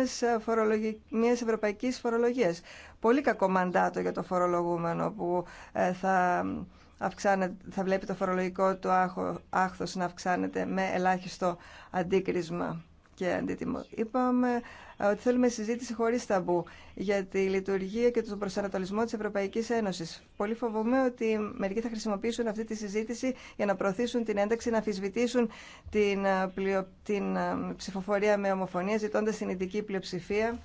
μιας ε, ευρωπαϊκή φορολογία. Πολύ κακό μαντάτο για το φορολογούμενο που ε, θα, αυξάνε... θα βλέπει το φορολογικό του άχθο να αυξάνεται με ελάχιστο αντίκρισμα και αντίτιμο. Είπαμε ότι θέλουμε συζήτηση χωρίς ταμπού για τη λειτουργία και τον προσανατολισμό της Ευρωπαϊκής Ένωση. Πολύ φοβούμαι ότι μερικοί θα χρησιμοποιήσουν αυτή τη συζήτηση για να προωθήσουν την ένταξη, να αφισβητήσουν την, ε, την ε, ψηφοφορία με ομοφωνία ζητώντα την ειδική πλειοψηφία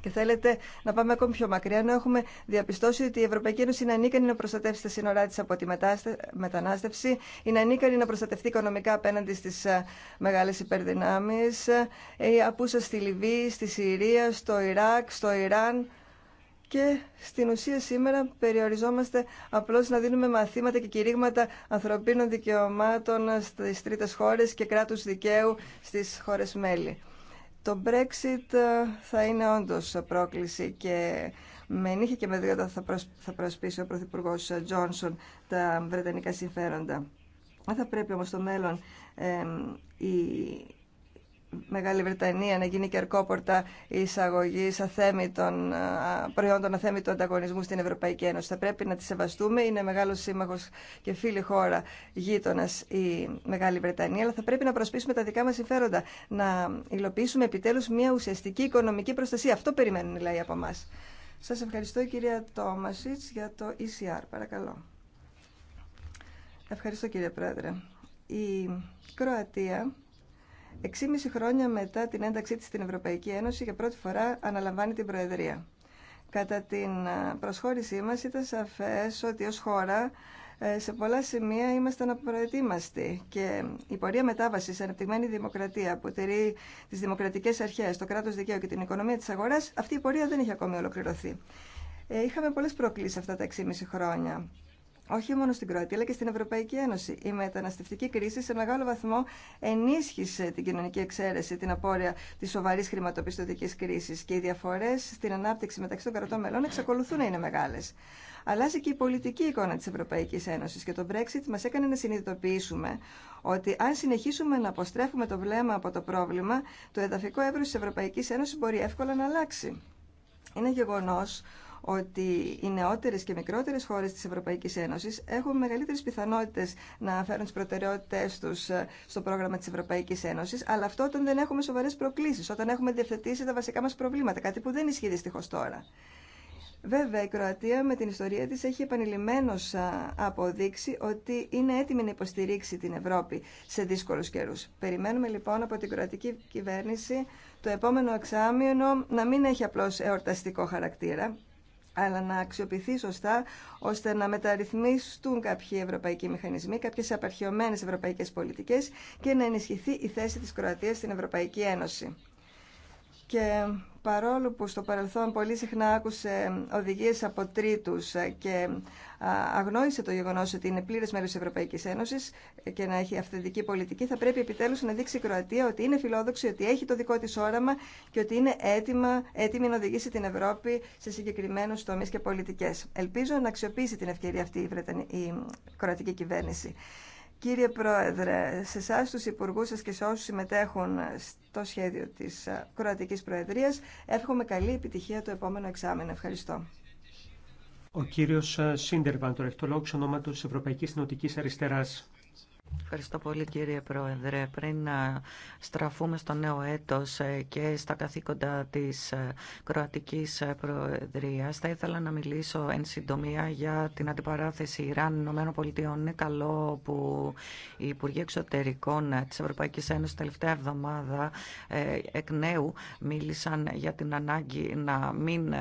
και θέλετε να πάμε ακόμη πιο μακριά, ενώ έχουμε διαπιστώσει ότι η Ευρωπαϊκή Ένωση είναι ανίκανη να προστατεύσει τα σύνορά τη από τη μετανάστευση, είναι ανίκανη να προστατευτεί οικονομικά απέναντι στι ε, μεγάλε υπερδυνάμει, ε, η απούσα στη Λιβύη, στη Συρία, στο Ιράκ, στο Ιράν. Και στην ουσία σήμερα περιοριζόμαστε απλώς να δίνουμε μαθήματα και κηρύγματα ανθρωπίνων δικαιωμάτων στις τρίτες χώρες και κράτους δικαίου στις χώρες μέλη. Το Brexit ε, θα είναι όντως πρόκληση και με νύχη και με δύο θα προσπίσει ο Πρωθυπουργό Τζόνσον τα βρετανικά συμφέροντα. Θα πρέπει όμως στο μέλλον η Μεγάλη Βρετανία να γίνει κερκόπορτα εισαγωγή αθέμητων, προϊόντων αθέμητου ανταγωνισμού στην Ευρωπαϊκή Ένωση. Θα πρέπει να τη σεβαστούμε. Είναι μεγάλο σύμμαχο και φίλη χώρα γείτονα η Μεγάλη Βρετανία, αλλά θα πρέπει να προσπίσουμε τα δικά μα συμφέροντα. Να υλοποιήσουμε επιτέλου μια ουσιαστική οικονομική προστασία. Αυτό περιμένουν οι λαοί από εμά. Σα ευχαριστώ, κυρία Τόμασιτ, για το ECR. Παρακαλώ. Ευχαριστώ, κύριε Πρόεδρε. Η Κροατία Εξήμιση χρόνια μετά την ένταξή της στην Ευρωπαϊκή Ένωση για πρώτη φορά αναλαμβάνει την Προεδρία. Κατά την προσχώρησή μας ήταν σαφές ότι ως χώρα ε, σε πολλά σημεία ήμασταν αναπροετοίμαστοι και η πορεία μετάβασης σε αναπτυγμένη δημοκρατία που τηρεί τι δημοκρατικέ αρχέ, το κράτος δικαίου και την οικονομία της αγοράς, αυτή η πορεία δεν είχε ακόμη ολοκληρωθεί. Ε, είχαμε πολλές προκλήσεις αυτά τα 6,5 χρόνια όχι μόνο στην Κροατία αλλά και στην Ευρωπαϊκή Ένωση. Η μεταναστευτική κρίση σε μεγάλο βαθμό ενίσχυσε την κοινωνική εξαίρεση, την απόρρεια τη σοβαρή χρηματοπιστωτική κρίση και οι διαφορέ στην ανάπτυξη μεταξύ των κρατών μελών εξακολουθούν να είναι μεγάλε. Αλλάζει και η πολιτική εικόνα τη Ευρωπαϊκή Ένωση και το Brexit μα έκανε να συνειδητοποιήσουμε ότι αν συνεχίσουμε να αποστρέφουμε το βλέμμα από το πρόβλημα, το εδαφικό εύρο τη Ευρωπαϊκή Ένωση μπορεί εύκολα να αλλάξει. Είναι γεγονό ότι οι νεότερε και μικρότερε χώρε τη Ευρωπαϊκή Ένωση έχουν μεγαλύτερε πιθανότητε να φέρουν τι προτεραιότητέ του ε, στο πρόγραμμα τη Ευρωπαϊκή Ένωση, αλλά αυτό όταν δεν έχουμε σοβαρέ προκλήσει, όταν έχουμε διευθετήσει τα βασικά μα προβλήματα, κάτι που δεν ισχύει δυστυχώ τώρα. Βέβαια, η Κροατία με την ιστορία της έχει επανειλημμένως ε, αποδείξει ότι είναι έτοιμη να υποστηρίξει την Ευρώπη σε δύσκολους καιρούς. Περιμένουμε λοιπόν από την κροατική κυβέρνηση το επόμενο εξάμεινο να μην έχει απλώς εορταστικό χαρακτήρα, αλλά να αξιοποιηθεί σωστά ώστε να μεταρρυθμιστούν κάποιοι ευρωπαϊκοί μηχανισμοί, κάποιες απαρχαιωμένε ευρωπαϊκές πολιτικές και να ενισχυθεί η θέση της Κροατίας στην Ευρωπαϊκή Ένωση. Και παρόλο που στο παρελθόν πολύ συχνά άκουσε οδηγίες από τρίτους και αγνόησε το γεγονός ότι είναι πλήρες μέρος της Ευρωπαϊκής Ένωσης και να έχει αυθεντική πολιτική, θα πρέπει επιτέλους να δείξει η Κροατία ότι είναι φιλόδοξη, ότι έχει το δικό της όραμα και ότι είναι έτοιμα, έτοιμη να οδηγήσει την Ευρώπη σε συγκεκριμένους τομείς και πολιτικές. Ελπίζω να αξιοποιήσει την ευκαιρία αυτή η, η κροατική κυβέρνηση. Κύριε Πρόεδρε, σε εσά, του υπουργού σα και σε όσου συμμετέχουν το σχέδιο της ε, Κροατικής Προεδρίας. Εύχομαι καλή επιτυχία το επόμενο εξάμενο. Ευχαριστώ. Ο κύριος ε, Σίντερβαντ το ρευτολόγος ονόματος Ευρωπαϊκής Νοτικής Αριστεράς. Ευχαριστώ πολύ κύριε Πρόεδρε. Πριν να στραφούμε στο νέο έτος ε, και στα καθήκοντα της ε, Κροατικής ε, Προεδρίας, θα ήθελα να μιλήσω εν συντομία για την αντιπαράθεση Ιράν-Ηνωμένων Πολιτειών. Είναι καλό που οι Υπουργοί Εξωτερικών της Ευρωπαϊκής Ένωσης τελευταία εβδομάδα εκ νέου μίλησαν για την ανάγκη να μην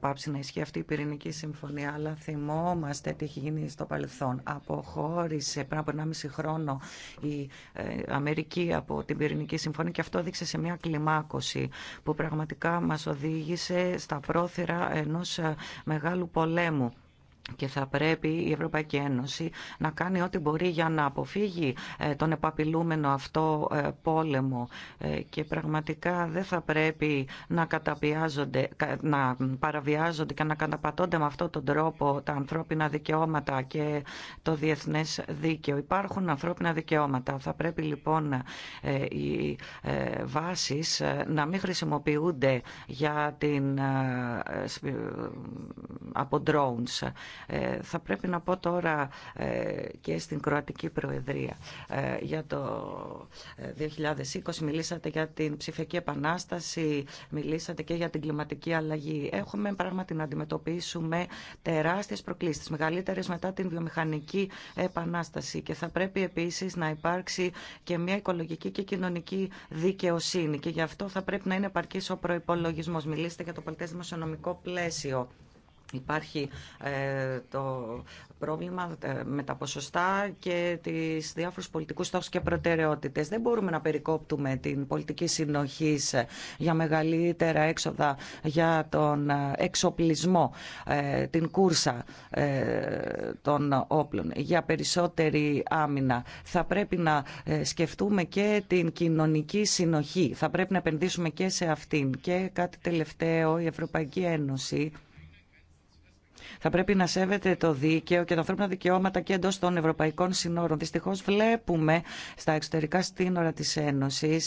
πάψει να ισχύει αυτή η πυρηνική συμφωνία, αλλά θυμόμαστε τι έχει γίνει στο παρελθόν. Αποχώρησε πριν από 1,5 χρόνο χρόνο η ε, Αμερική από την Πυρηνική Συμφωνία και αυτό δείξε σε μια κλιμάκωση που πραγματικά μας οδήγησε στα πρόθυρα ενός ε, μεγάλου πολέμου και θα πρέπει η Ευρωπαϊκή Ένωση να κάνει ό,τι μπορεί για να αποφύγει ε, τον επαπειλούμενο αυτό ε, πόλεμο ε, και πραγματικά δεν θα πρέπει να, καταπιάζονται, να παραβιάζονται και να καταπατώνται με αυτόν τον τρόπο τα ανθρώπινα δικαιώματα και το διεθνές δίκαιο. Υπάρχουν ανθρώπινα δικαιώματα. Θα πρέπει λοιπόν οι βάσεις να μην χρησιμοποιούνται για την, από drones. Ε, θα πρέπει να πω τώρα ε, και στην Κροατική Προεδρία ε, για το 2020 μιλήσατε για την ψηφιακή επανάσταση, μιλήσατε και για την κλιματική αλλαγή. Έχουμε πράγματι να αντιμετωπίσουμε τεράστιες προκλήσεις, μεγαλύτερες μετά την βιομηχανική επανάσταση και θα πρέπει επίσης να υπάρξει και μια οικολογική και κοινωνική δικαιοσύνη και γι' αυτό θα πρέπει να είναι επαρκής ο προϋπολογισμός. Μιλήσατε για το πολιτές δημοσιονομικό πλαίσιο. Υπάρχει ε, το πρόβλημα ε, με τα ποσοστά και τις διάφορους πολιτικούς στόχους και προτεραιότητες. Δεν μπορούμε να περικόπτουμε την πολιτική συνοχή ε, για μεγαλύτερα έξοδα για τον εξοπλισμό, την κούρσα των όπλων, για περισσότερη άμυνα. Θα πρέπει να σκεφτούμε και την κοινωνική συνοχή. Θα πρέπει να επενδύσουμε και σε αυτήν. Και κάτι τελευταίο, η Ευρωπαϊκή Ένωση θα πρέπει να σέβεται το δίκαιο και τα ανθρώπινα δικαιώματα και εντό των ευρωπαϊκών συνόρων. Δυστυχώ βλέπουμε στα εξωτερικά σύνορα τη Ένωση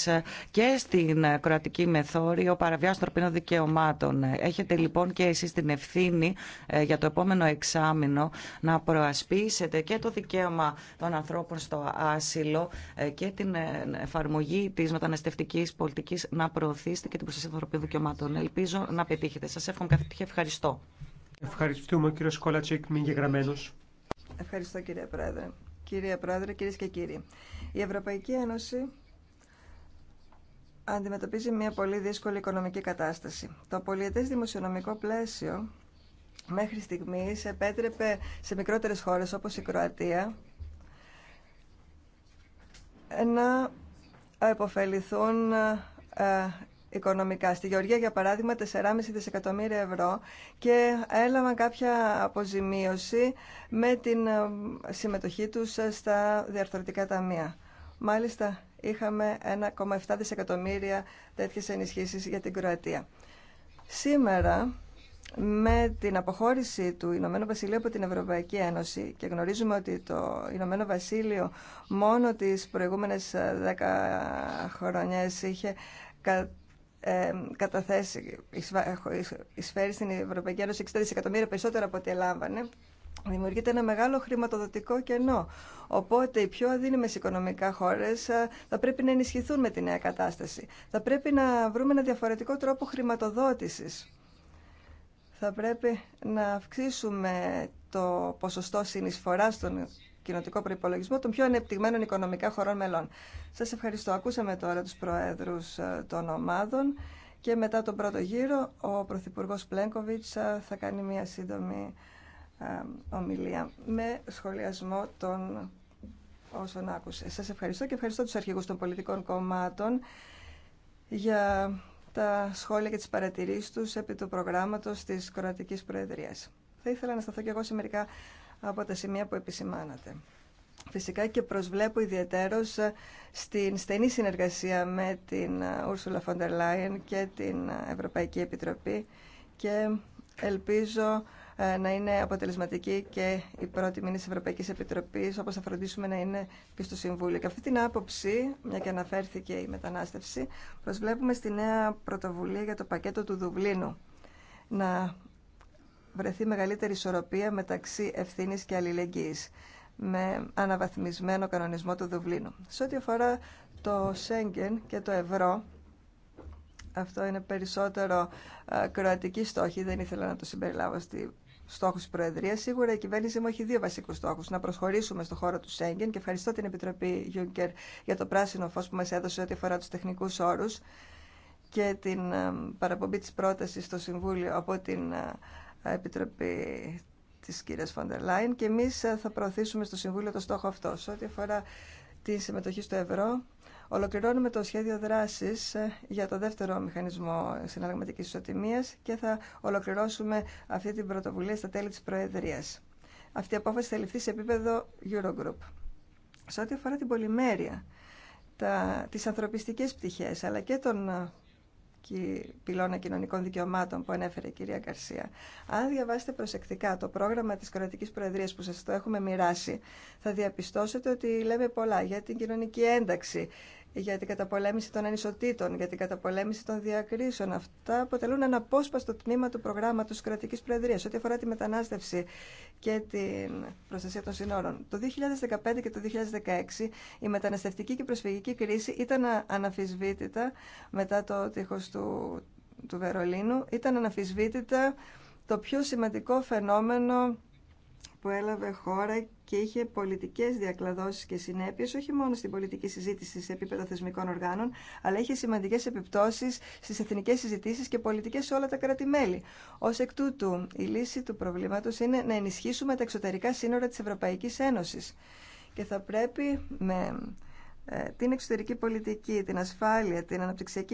και στην κροατική μεθόριο παραβιά των δικαιωμάτων. Έχετε λοιπόν και εσεί την ευθύνη ε, για το επόμενο εξάμεινο να προασπίσετε και το δικαίωμα των ανθρώπων στο άσυλο ε, και την ε, εφαρμογή τη μεταναστευτική πολιτική να προωθήσετε και την προστασία των ανθρωπίνων δικαιωμάτων. Ελπίζω να πετύχετε. Σα εύχομαι κάθε Ευχαριστώ. Ευχαριστούμε, κύριο Σκόλατσικ, Μην γεγραμμένο. Ευχαριστώ, κύριε Πρόεδρε. Κύριε Πρόεδρε, κυρίε και κύριοι. Η Ευρωπαϊκή Ένωση αντιμετωπίζει μια πολύ δύσκολη οικονομική κατάσταση. Το πολιετές δημοσιονομικό πλαίσιο μέχρι στιγμής επέτρεπε σε μικρότερες χώρες όπως η Κροατία να επωφεληθούν ε, οικονομικά. Στη Γεωργία, για παράδειγμα, 4,5 δισεκατομμύρια ευρώ και έλαβαν κάποια αποζημίωση με την ε, συμμετοχή τους ε, στα διαρθρωτικά ταμεία. Μάλιστα, είχαμε 1,7 δισεκατομμύρια τέτοιες ενισχύσεις για την Κροατία. Σήμερα, με την αποχώρηση του Ηνωμένου Βασιλείου από την Ευρωπαϊκή Ένωση και γνωρίζουμε ότι το Ηνωμένο Βασίλειο μόνο τις προηγούμενες 10 ε, χρονιές είχε καταθέσει, εισφέρει στην Ευρωπαϊκή Ένωση 60 δισεκατομμύρια περισσότερα από ό,τι ελάμβανε, δημιουργείται ένα μεγάλο χρηματοδοτικό κενό. Οπότε οι πιο αδύναμες οικονομικά χώρες ε, θα πρέπει να ενισχυθούν με τη νέα κατάσταση. Θα πρέπει να βρούμε ένα διαφορετικό τρόπο χρηματοδότησης. Θα πρέπει να αυξήσουμε το ποσοστό συνεισφοράς των κοινοτικό προπολογισμό των πιο ανεπτυγμένων οικονομικά χωρών μελών. Σα ευχαριστώ. Ακούσαμε τώρα του προέδρου ε, των ομάδων και μετά τον πρώτο γύρο ο Πρωθυπουργό Πλέγκοβιτ ε, θα κάνει μια σύντομη ε, ομιλία με σχολιασμό των όσων άκουσε. Σα ευχαριστώ και ευχαριστώ του αρχηγού των πολιτικών κομμάτων για τα σχόλια και τι παρατηρήσει του επί του προγράμματο τη Κροατική Προεδρία. Θα ήθελα να σταθώ και εγώ σε μερικά από τα σημεία που επισημάνατε. Φυσικά και προσβλέπω ιδιαίτερος ε, στην στενή συνεργασία με την ε, Ursula von der Leyen και την ε, Ευρωπαϊκή Επιτροπή και ελπίζω να είναι αποτελεσματική και η πρώτη μήνυση της Ευρωπαϊκής Επιτροπής, όπως θα φροντίσουμε να είναι και στο Συμβούλιο. Και αυτή την άποψη, μια και αναφέρθηκε η μετανάστευση, προσβλέπουμε στη νέα πρωτοβουλία για το πακέτο του Δουβλίνου να βρεθεί μεγαλύτερη ισορροπία μεταξύ ευθύνη και αλληλεγγύη με αναβαθμισμένο κανονισμό του Δουβλίνου. Σε ό,τι αφορά το Σέγγεν και το ευρώ, αυτό είναι περισσότερο κροατική στόχη, δεν ήθελα να το συμπεριλάβω στη στόχου τη Προεδρία. Σίγουρα η κυβέρνησή μου έχει δύο βασικού στόχου. Να προσχωρήσουμε στο χώρο του Σέγγεν και ευχαριστώ την Επιτροπή Γιούγκερ για το πράσινο φω που μα έδωσε ό,τι αφορά του τεχνικού όρου και την παραπομπή τη πρόταση στο Συμβούλιο από την Επιτροπή της κυρίας Φοντερ Λάιν και εμείς ε, θα προωθήσουμε στο Συμβούλιο το στόχο αυτό. Σε ό,τι αφορά τη συμμετοχή στο ευρώ, ολοκληρώνουμε το σχέδιο δράσης ε, για το δεύτερο μηχανισμό συναλλαγματικής ισοτιμία και θα ολοκληρώσουμε αυτή την πρωτοβουλία στα τέλη της Προεδρίας. Αυτή η απόφαση θα ληφθεί σε επίπεδο Eurogroup. Σε ό,τι αφορά την πολυμέρεια, τι ανθρωπιστικέ πτυχέ αλλά και τον ε, πυλώνα κοινωνικών δικαιωμάτων που ανέφερε η κυρία Καρσία. Αν διαβάσετε προσεκτικά το πρόγραμμα της κρατικής προεδρίας που σα το έχουμε μοιράσει, θα διαπιστώσετε ότι λέμε πολλά για την κοινωνική ένταξη, για την καταπολέμηση των ανισοτήτων, για την καταπολέμηση των διακρίσεων. Αυτά αποτελούν ένα απόσπαστο τμήμα του προγράμματο κρατική προεδρία. Ό,τι αφορά τη μετανάστευση και την προστασία των συνόρων. Το 2015 και το 2016 η μεταναστευτική και προσφυγική κρίση ήταν αναφυσβήτητα μετά το τείχο του, του Βερολίνου. Ήταν αναφυσβήτητα το πιο σημαντικό φαινόμενο που έλαβε χώρα και είχε πολιτικές διακλαδώσεις και συνέπειες όχι μόνο στην πολιτική συζήτηση σε επίπεδο θεσμικών οργάνων, αλλά είχε σημαντικές επιπτώσεις στις εθνικές συζητήσεις και πολιτικές σε όλα τα κράτη-μέλη. Ως εκ τούτου, η λύση του προβλήματος είναι να ενισχύσουμε τα εξωτερικά σύνορα της Ευρωπαϊκής Ένωσης και θα πρέπει με ε, την εξωτερική πολιτική, την ασφάλεια, την αναπτυξιακή